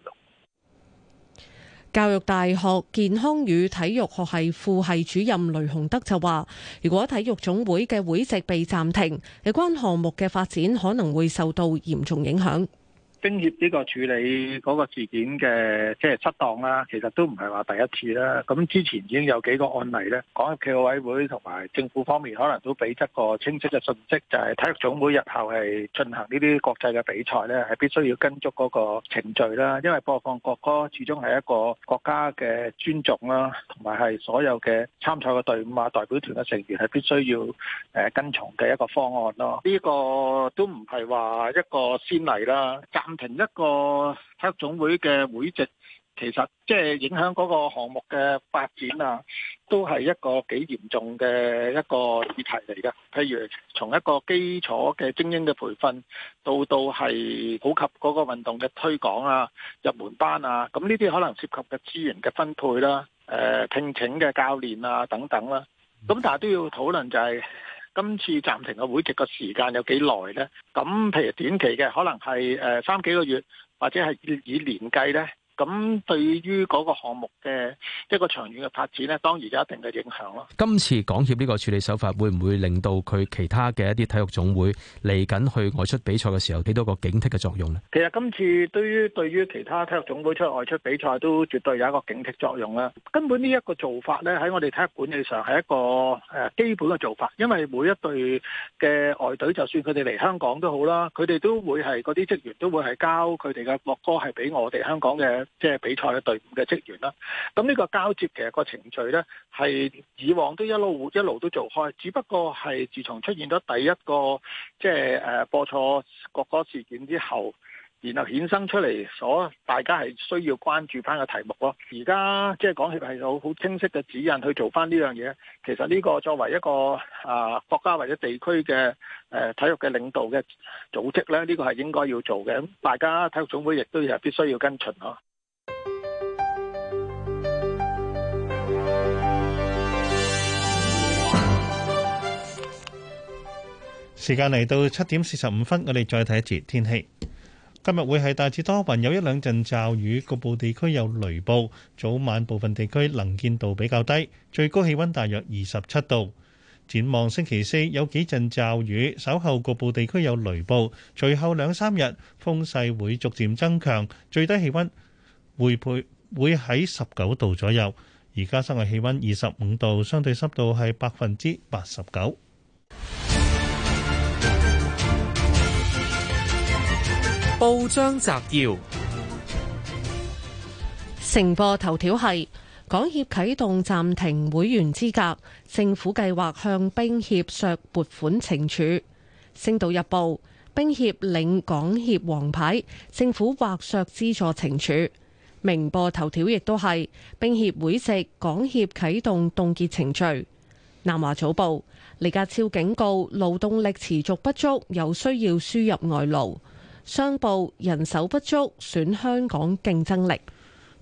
教育大學健康與體育學系副系主任雷洪德就話，如果體育總會嘅會籍被暫停，有關項目嘅發展可能會受到嚴重影響。專業呢個處理嗰個事件嘅即係失當啦，其實都唔係話第一次啦。咁之前已經有幾個案例咧，港協暨奧委會同埋政府方面可能都俾出個清晰嘅信息，就係、是、體育總會日後係進行呢啲國際嘅比賽咧，係必須要跟足嗰個程序啦。因為播放國歌始終係一個國家嘅尊重啦，同埋係所有嘅參賽嘅隊伍啊、代表團嘅成員係必須要誒跟從嘅一個方案咯。呢、這個都唔係話一個先例啦，暫。停一個黑總會嘅會籍，其實即係影響嗰個項目嘅發展啊，都係一個幾嚴重嘅一個議題嚟嘅。譬如從一個基礎嘅精英嘅培訓，到到係普及嗰個運動嘅推廣啊、入門班啊，咁呢啲可能涉及嘅資源嘅分配啦、誒聘請嘅教練啊等等啦，咁但係都要討論就係。今次暫停嘅會籍嘅時間有幾耐咧？咁、嗯、譬如短期嘅，可能係誒、呃、三幾個月，或者係以，以年計咧。咁對於嗰個項目嘅一個長遠嘅發展咧，當然有一定嘅影響咯。今次港協呢個處理手法會唔會令到佢其他嘅一啲體育總會嚟緊去外出比賽嘅時候，起到個警惕嘅作用咧？其實今次對於對於其他體育總會出去外出比賽，都絕對有一個警惕作用啦。根本呢一個做法咧，喺我哋體育管理上係一個誒基本嘅做法，因為每一隊嘅外隊，就算佢哋嚟香港都好啦，佢哋都會係嗰啲職員都會係交佢哋嘅國歌係俾我哋香港嘅。即係比賽嘅隊伍嘅職員啦，咁呢個交接其實個程序呢，係以往都一路一路都做開，只不過係自從出現咗第一個即係誒播錯國歌事件之後，然後衍生出嚟所大家係需要關注翻個題目咯。而家即係講起係有好清晰嘅指引去做翻呢樣嘢，其實呢個作為一個啊、呃、國家或者地區嘅誒體育嘅領導嘅組織呢，呢、呢個係應該要做嘅。大家體育總會亦都係必須要跟循嗬。時間嚟到七點四十五分，我哋再睇一節天氣。今日會係大致多雲，有一兩陣驟雨，局部地區有雷暴，早晚部分地區能見度比較低，最高氣溫大約二十七度。展望星期四有幾陣驟雨，稍後局部地區有雷暴，隨後兩三日風勢會逐漸增強，最低氣溫會會會喺十九度左右。而家室外氣溫二十五度，相對濕度係百分之八十九。報章摘要：成報頭條係港協啟動暫停會員資格，政府計劃向冰協削撥款懲處。星島日報：冰協領港協黃牌，政府或削資助懲處。明報頭條亦都係冰協會籍港協啟動凍結程序。南華早報：李家超警告勞動力持續不足，有需要輸入外勞。商報人手不足，損香港競爭力。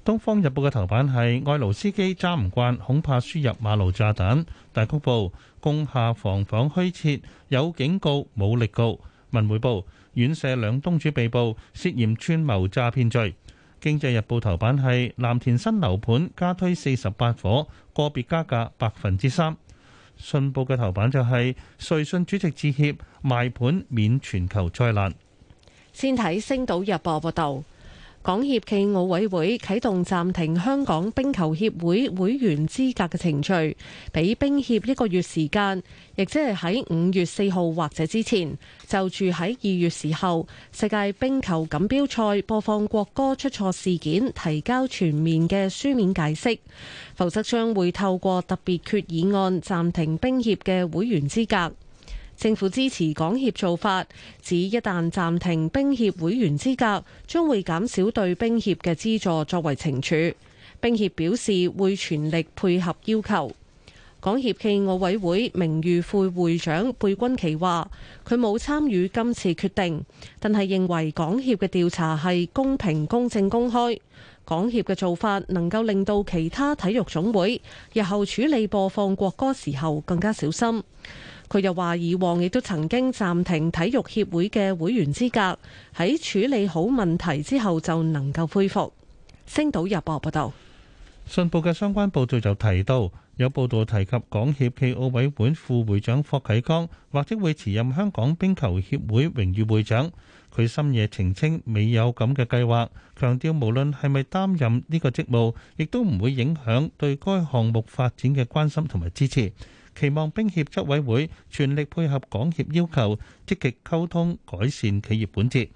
東方日報嘅頭版係外勞司機揸唔慣，恐怕輸入馬路炸彈。大公報，攻下防防虛設，有警告，冇力告。文匯報，院舍兩東主被捕，涉嫌串謀詐騙罪。經濟日報頭版係藍田新樓盤加推四十八伙，個別加價百分之三。信報嘅頭版就係、是、瑞信主席致歉，賣盤免全球災難。先睇《星島日報》報道，港協暨奧委會啟動暫停香港冰球協會會員資格嘅程序，俾冰協一個月時間，亦即係喺五月四號或者之前，就住喺二月時候，世界冰球錦標賽播放國歌出錯事件，提交全面嘅書面解釋，否則將會透過特別決議案暫停冰協嘅會員資格。政府支持港協做法，指一旦暫停冰協會員資格，將會減少對冰協嘅資助作為懲處。冰協表示會全力配合要求。港協暨奧委會名譽副會長貝君琪話：佢冇參與今次決定，但係認為港協嘅調查係公平、公正、公開。港協嘅做法能夠令到其他體育總會日後處理播放國歌時候更加小心。佢又話：以往亦都曾經暫停體育協會嘅會員資格，喺處理好問題之後，就能夠恢復。星島日報報道，信報嘅相關報道就提到，有報道提及港協暨奧委會副會長霍啟剛或者會辭任香港冰球協會榮譽會長。佢深夜澄清，未有咁嘅計劃，強調無論係咪擔任呢個職務，亦都唔會影響對該項目發展嘅關心同埋支持。期望冰協執委會全力配合港協要求，積極溝通改善企業本質。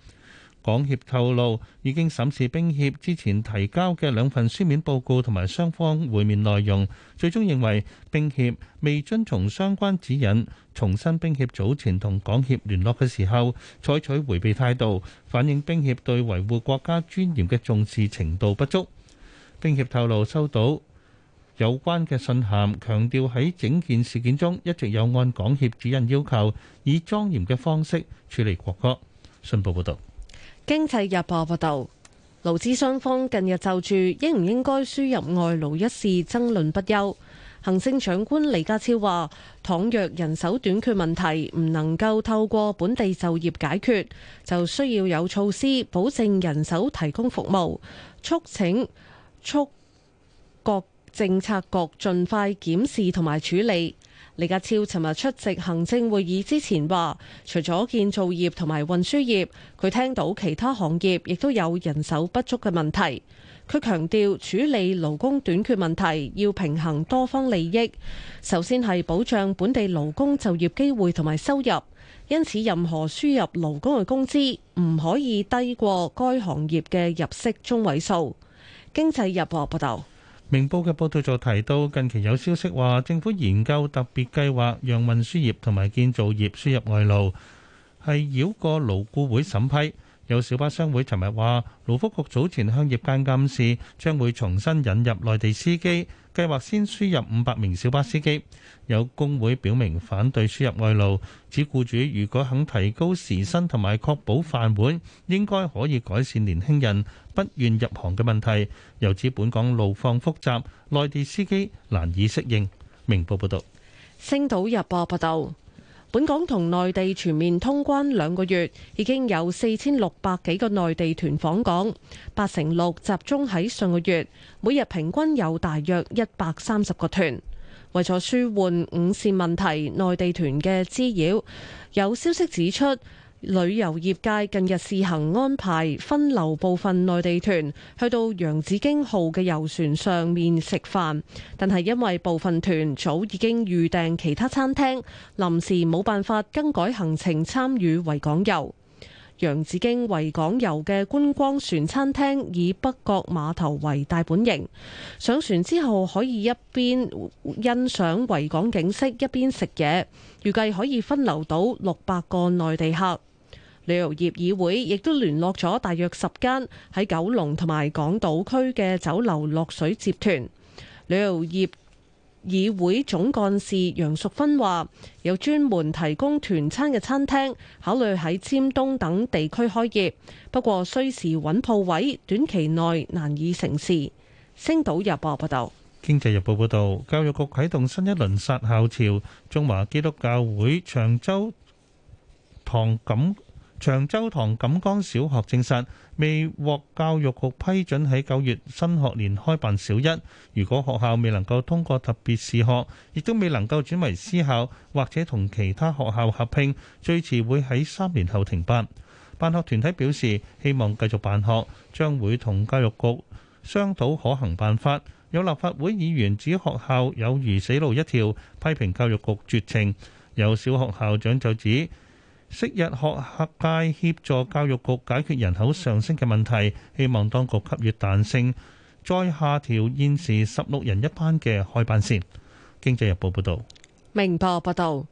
港協透露已經審視冰協之前提交嘅兩份書面報告同埋雙方會面內容，最終認為冰協未遵從相關指引，重申冰協早前同港協聯絡嘅時候採取迴避態度，反映冰協對維護國家尊嚴嘅重視程度不足。冰協透露收到。有關嘅信函強調，喺整件事件中一直有按港協主任要求，以莊嚴嘅方式處理國歌。信報報道。經濟日報報道，勞資雙方近日就住應唔應該輸入外勞一事爭論不休。行政長官李家超話，倘若人手短缺問題唔能夠透過本地就業解決，就需要有措施保證人手提供服務，促請促國。政策局盡快檢視同埋處理。李家超尋日出席行政會議之前話，除咗建造業同埋運輸業，佢聽到其他行業亦都有人手不足嘅問題。佢強調處理勞工短缺問題要平衡多方利益，首先係保障本地勞工就業機會同埋收入。因此，任何輸入勞工嘅工資唔可以低過該行業嘅入息中位數。經濟日報報道。明報嘅報道就提到，近期有消息話政府研究特別計劃，讓運輸業同埋建造業輸入外勞，係繞過勞顧會審批。有小巴商會尋日話，勞福局早前向業界暗示，將會重新引入內地司機。計劃先輸入五百名小巴司機，有工會表明反對輸入外勞，指僱主如果肯提高時薪同埋確保飯碗，應該可以改善年輕人不願入行嘅問題。又指本港路況複雜，內地司機難以適應。明報報道。星島日報報道。本港同內地全面通關兩個月，已經有四千六百幾個內地團訪港，八成六集中喺上個月，每日平均有大約一百三十個團。為咗舒緩五線問題，內地團嘅滋擾，有消息指出。旅遊業界近日試行安排分流部分內地團去到洋紫荊號嘅遊船上面食飯，但係因為部分團早已經預訂其他餐廳，臨時冇辦法更改行程參與維港遊。洋紫荊維港遊嘅觀光船餐廳以北角碼頭為大本營，上船之後可以一邊欣賞維港景色，一邊食嘢，預計可以分流到六百個內地客。旅遊業議會亦都聯絡咗大約十間喺九龍同埋港島區嘅酒樓落水接團。旅遊業議會總幹事楊淑芬話：有專門提供團餐嘅餐廳，考慮喺尖東等地區開業，不過需時揾鋪位，短期內難以成事。星島日報報道：經濟日報報道，教育局啟動新一輪殺校潮，中華基督教會長洲堂錦。長洲堂錦江小學證實未獲教育局批准喺九月新學年開辦小一。如果學校未能夠通過特別試學，亦都未能夠轉為私校或者同其他學校合併，最遲會喺三年後停辦。辦學團體表示希望繼續辦學，將會同教育局商討可行辦法。有立法會議員指學校有如死路一條，批評教育局絕情。有小學校長就指。昔日學界協助教育局解決人口上升嘅問題，希望當局給予彈性，再下調現時十六人一班嘅開班線。經濟日報報，報，報道。明報報道，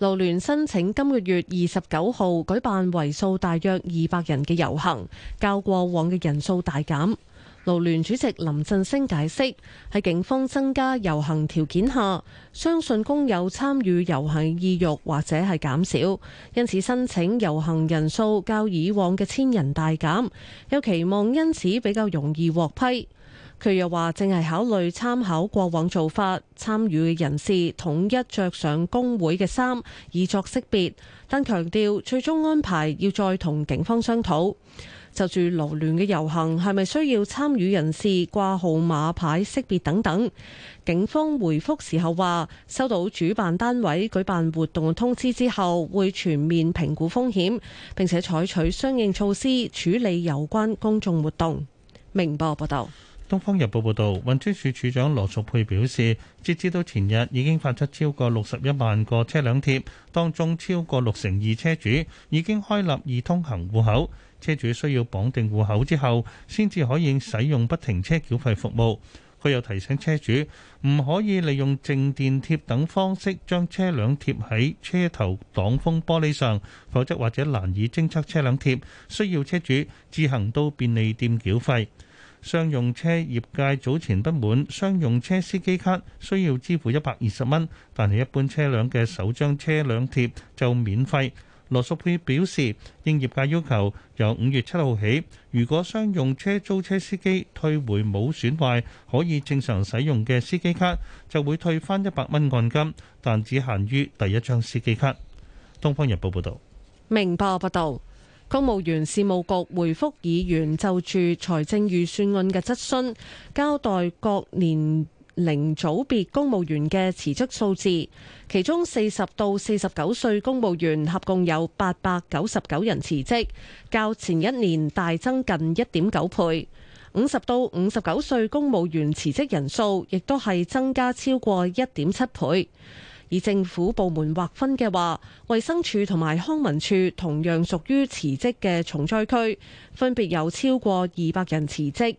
勞聯申請今個月二十九號舉辦為數大約二百人嘅遊行，較過往嘅人數大減。勞聯主席林振升解釋，喺警方增加遊行條件下，相信工友參與遊行意欲或者係減少，因此申請遊行人數較以往嘅千人大減，有期望因此比較容易獲批。佢又話，正係考慮參考過往做法，參與嘅人士統一着上工會嘅衫以作識別，但強調最終安排要再同警方商討。就住勞亂嘅遊行係咪需要參與人士掛號碼牌識別等等？警方回覆時候話，收到主辦單位舉辦活動嘅通知之後，會全面評估風險，並且採取相應措施處理有關公眾活動。明報報道：《東方日報》報道，運輸署署長羅淑佩表示，截至到前日已經發出超過六十一萬個車輛貼，當中超過六成二車主已經開立易通行戶口。車主需要綁定戶口之後，先至可以使用不停車繳費服務。佢又提醒車主唔可以利用靜電貼等方式將車輛貼喺車頭擋風玻璃上，否則或者難以偵測車輛貼，需要車主自行到便利店繳費。商用車業界早前不滿商用車司機卡需要支付一百二十蚊，但係一般車輛嘅首張車輛貼就免費。羅淑佩表示，應業界要求，由五月七號起，如果商用車租車司機退回冇損壞、可以正常使用嘅司機卡，就會退翻一百蚊按金，但只限於第一張司機卡。《東方日報》報道。明報報道，公務員事務局回覆議員就住財政預算案嘅質詢，交代各年齡組別公務員嘅辭職數字。其中四十到四十九歲公務員合共有八百九十九人辭職，較前一年大增近一點九倍。五十到五十九歲公務員辭職人數亦都係增加超過一點七倍。而政府部門劃分嘅話，衛生署同埋康文署同樣屬於辭職嘅重災區，分別有超過二百人辭職。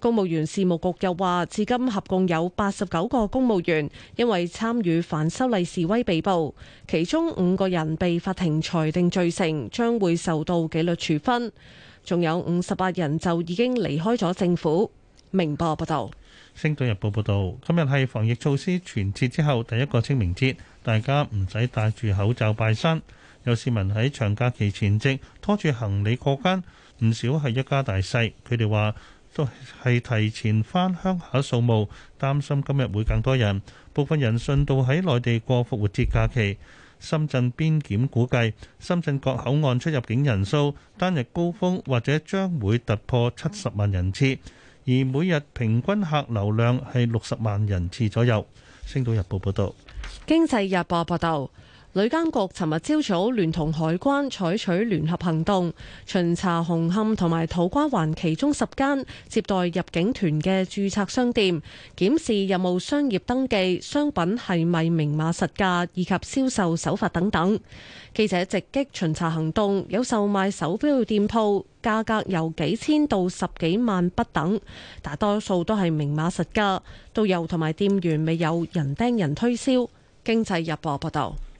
公務員事務局又話，至今合共有八十九個公務員因為參與反修例示威被捕，其中五個人被法庭裁定罪成，將會受到紀律處分。仲有五十八人就已經離開咗政府。明報報道。《星島日報》報道，今日係防疫措施全撤之後第一個清明節，大家唔使戴住口罩拜山。有市民喺長假期前夕拖住行李過關，唔少係一家大細。佢哋話，都係提前翻鄉下掃墓，擔心今日會更多人。部分人順道喺內地過復活節假期。深圳邊檢估計，深圳各口岸出入境人數單日高峰或者將會突破七十萬人次，而每日平均客流量係六十萬人次左右。星島日報報導。經濟日報報導。旅監局尋日朝早聯同海關採取聯合行動，巡查紅磡同埋土瓜灣其中十間接待入境團嘅注冊商店，檢視有冇商業登記、商品係咪明碼實價以及銷售手法等等。記者直擊巡查行動，有售賣手表嘅店鋪，價格由幾千到十幾萬不等，大多數都係明碼實價，導遊同埋店員未有人盯人推銷。《經濟日報》報道。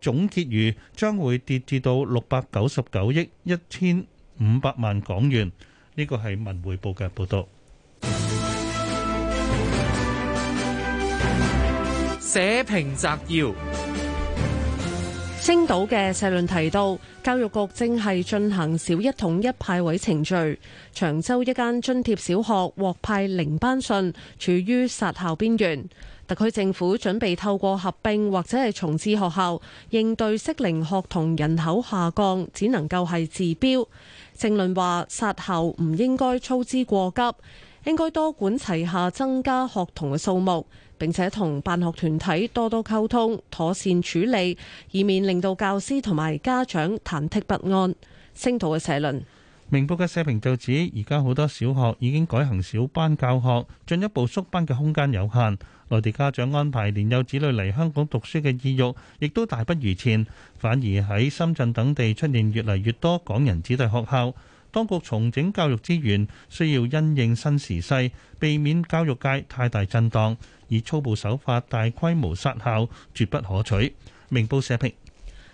總結餘將會跌至到六百九十九億一千五百萬港元，呢個係文匯報嘅報道。社評摘要：星島嘅社論提到，教育局正係進行小一統一派位程序，長洲一間津貼小學獲派零班信，處於殺校邊緣。特區政府準備透過合併或者係重置學校，應對適齡學童人口下降，只能夠係治標。政論話，殺校唔應該操之過急，應該多管齊下，增加學童嘅數目，並且同辦學團體多多溝通，妥善處理，以免令到教師同埋家長忐忑不安。星島嘅社論。明報嘅社評就指，而家好多小學已經改行小班教學，進一步縮班嘅空間有限。內地家長安排年幼子女嚟香港讀書嘅意欲，亦都大不如前。反而喺深圳等地出現越嚟越多港人子弟學校。當局重整教育資源，需要因應新時勢，避免教育界太大震盪，以粗暴手法大規模殺校，絕不可取。明報社評。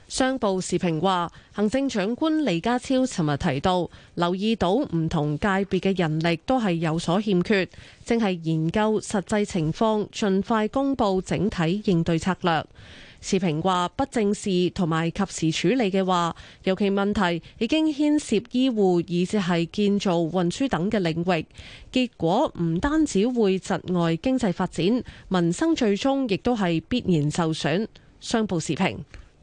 商報時評話，行政長官李家超尋日提到，留意到唔同界別嘅人力都係有所欠缺，正係研究實際情況，盡快公布整體應對策略。時評話，不正視同埋及時處理嘅話，尤其問題已經牽涉醫護，以至係建造、運輸等嘅領域，結果唔單止會窒礙經濟發展，民生最終亦都係必然受損。商報時評。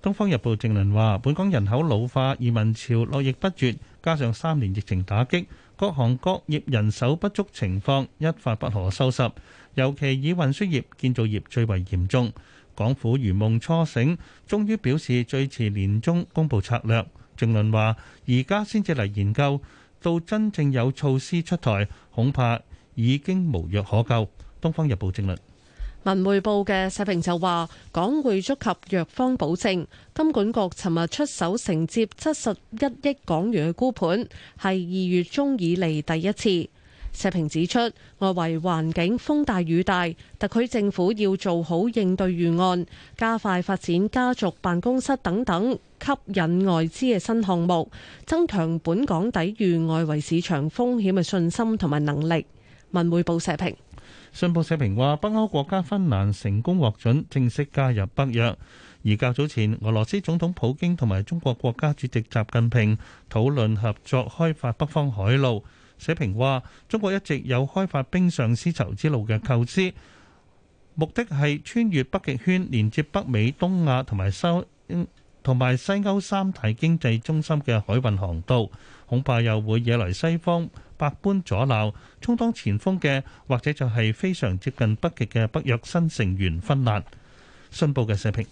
《東方日報》正論話：本港人口老化、移民潮絡繹不絕，加上三年疫情打擊，各行各業人手不足情況一發不可收拾。尤其以運輸業、建造業最為嚴重。港府如夢初醒，終於表示最遲年中公布策略。正論話：而家先至嚟研究，到真正有措施出台，恐怕已經無藥可救。《東方日報》正論。文匯報嘅社評就話，港匯觸及弱方保證，金管局尋日出手承接七十一億港元嘅沽盤，係二月中以嚟第一次。社評指出，外圍環境風大雨大，特區政府要做好應對預案，加快發展家族辦公室等等，吸引外資嘅新項目，增強本港抵禦外圍市場風險嘅信心同埋能力。文匯報社評。信報社評話，北歐國家芬蘭成功獲准正式加入北約。而較早前，俄羅斯總統普京同埋中國國家主席習近平討論合作開發北方海路。社評話，中國一直有開發冰上絲綢之路嘅構思，目的係穿越北極圈，連接北美、東亞同埋西歐三大經濟中心嘅海運航道。恐怕又會惹來西方百般阻撓，充當前鋒嘅或者就係非常接近北極嘅北約新成員芬蘭，信報嘅社評。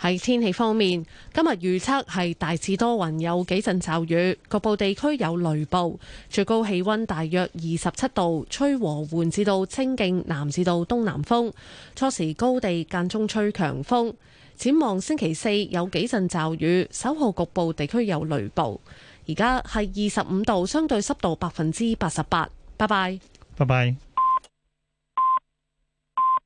喺天氣方面，今日預測係大致多雲，有幾陣驟雨，局部地區有雷暴，最高氣溫大約二十七度，吹和緩至到清勁南至到東南風，初時高地間中吹強風，展望星期四有幾陣驟雨，稍後局部地區有雷暴。而家係二十五度，相對濕度百分之八十八。拜拜，拜拜。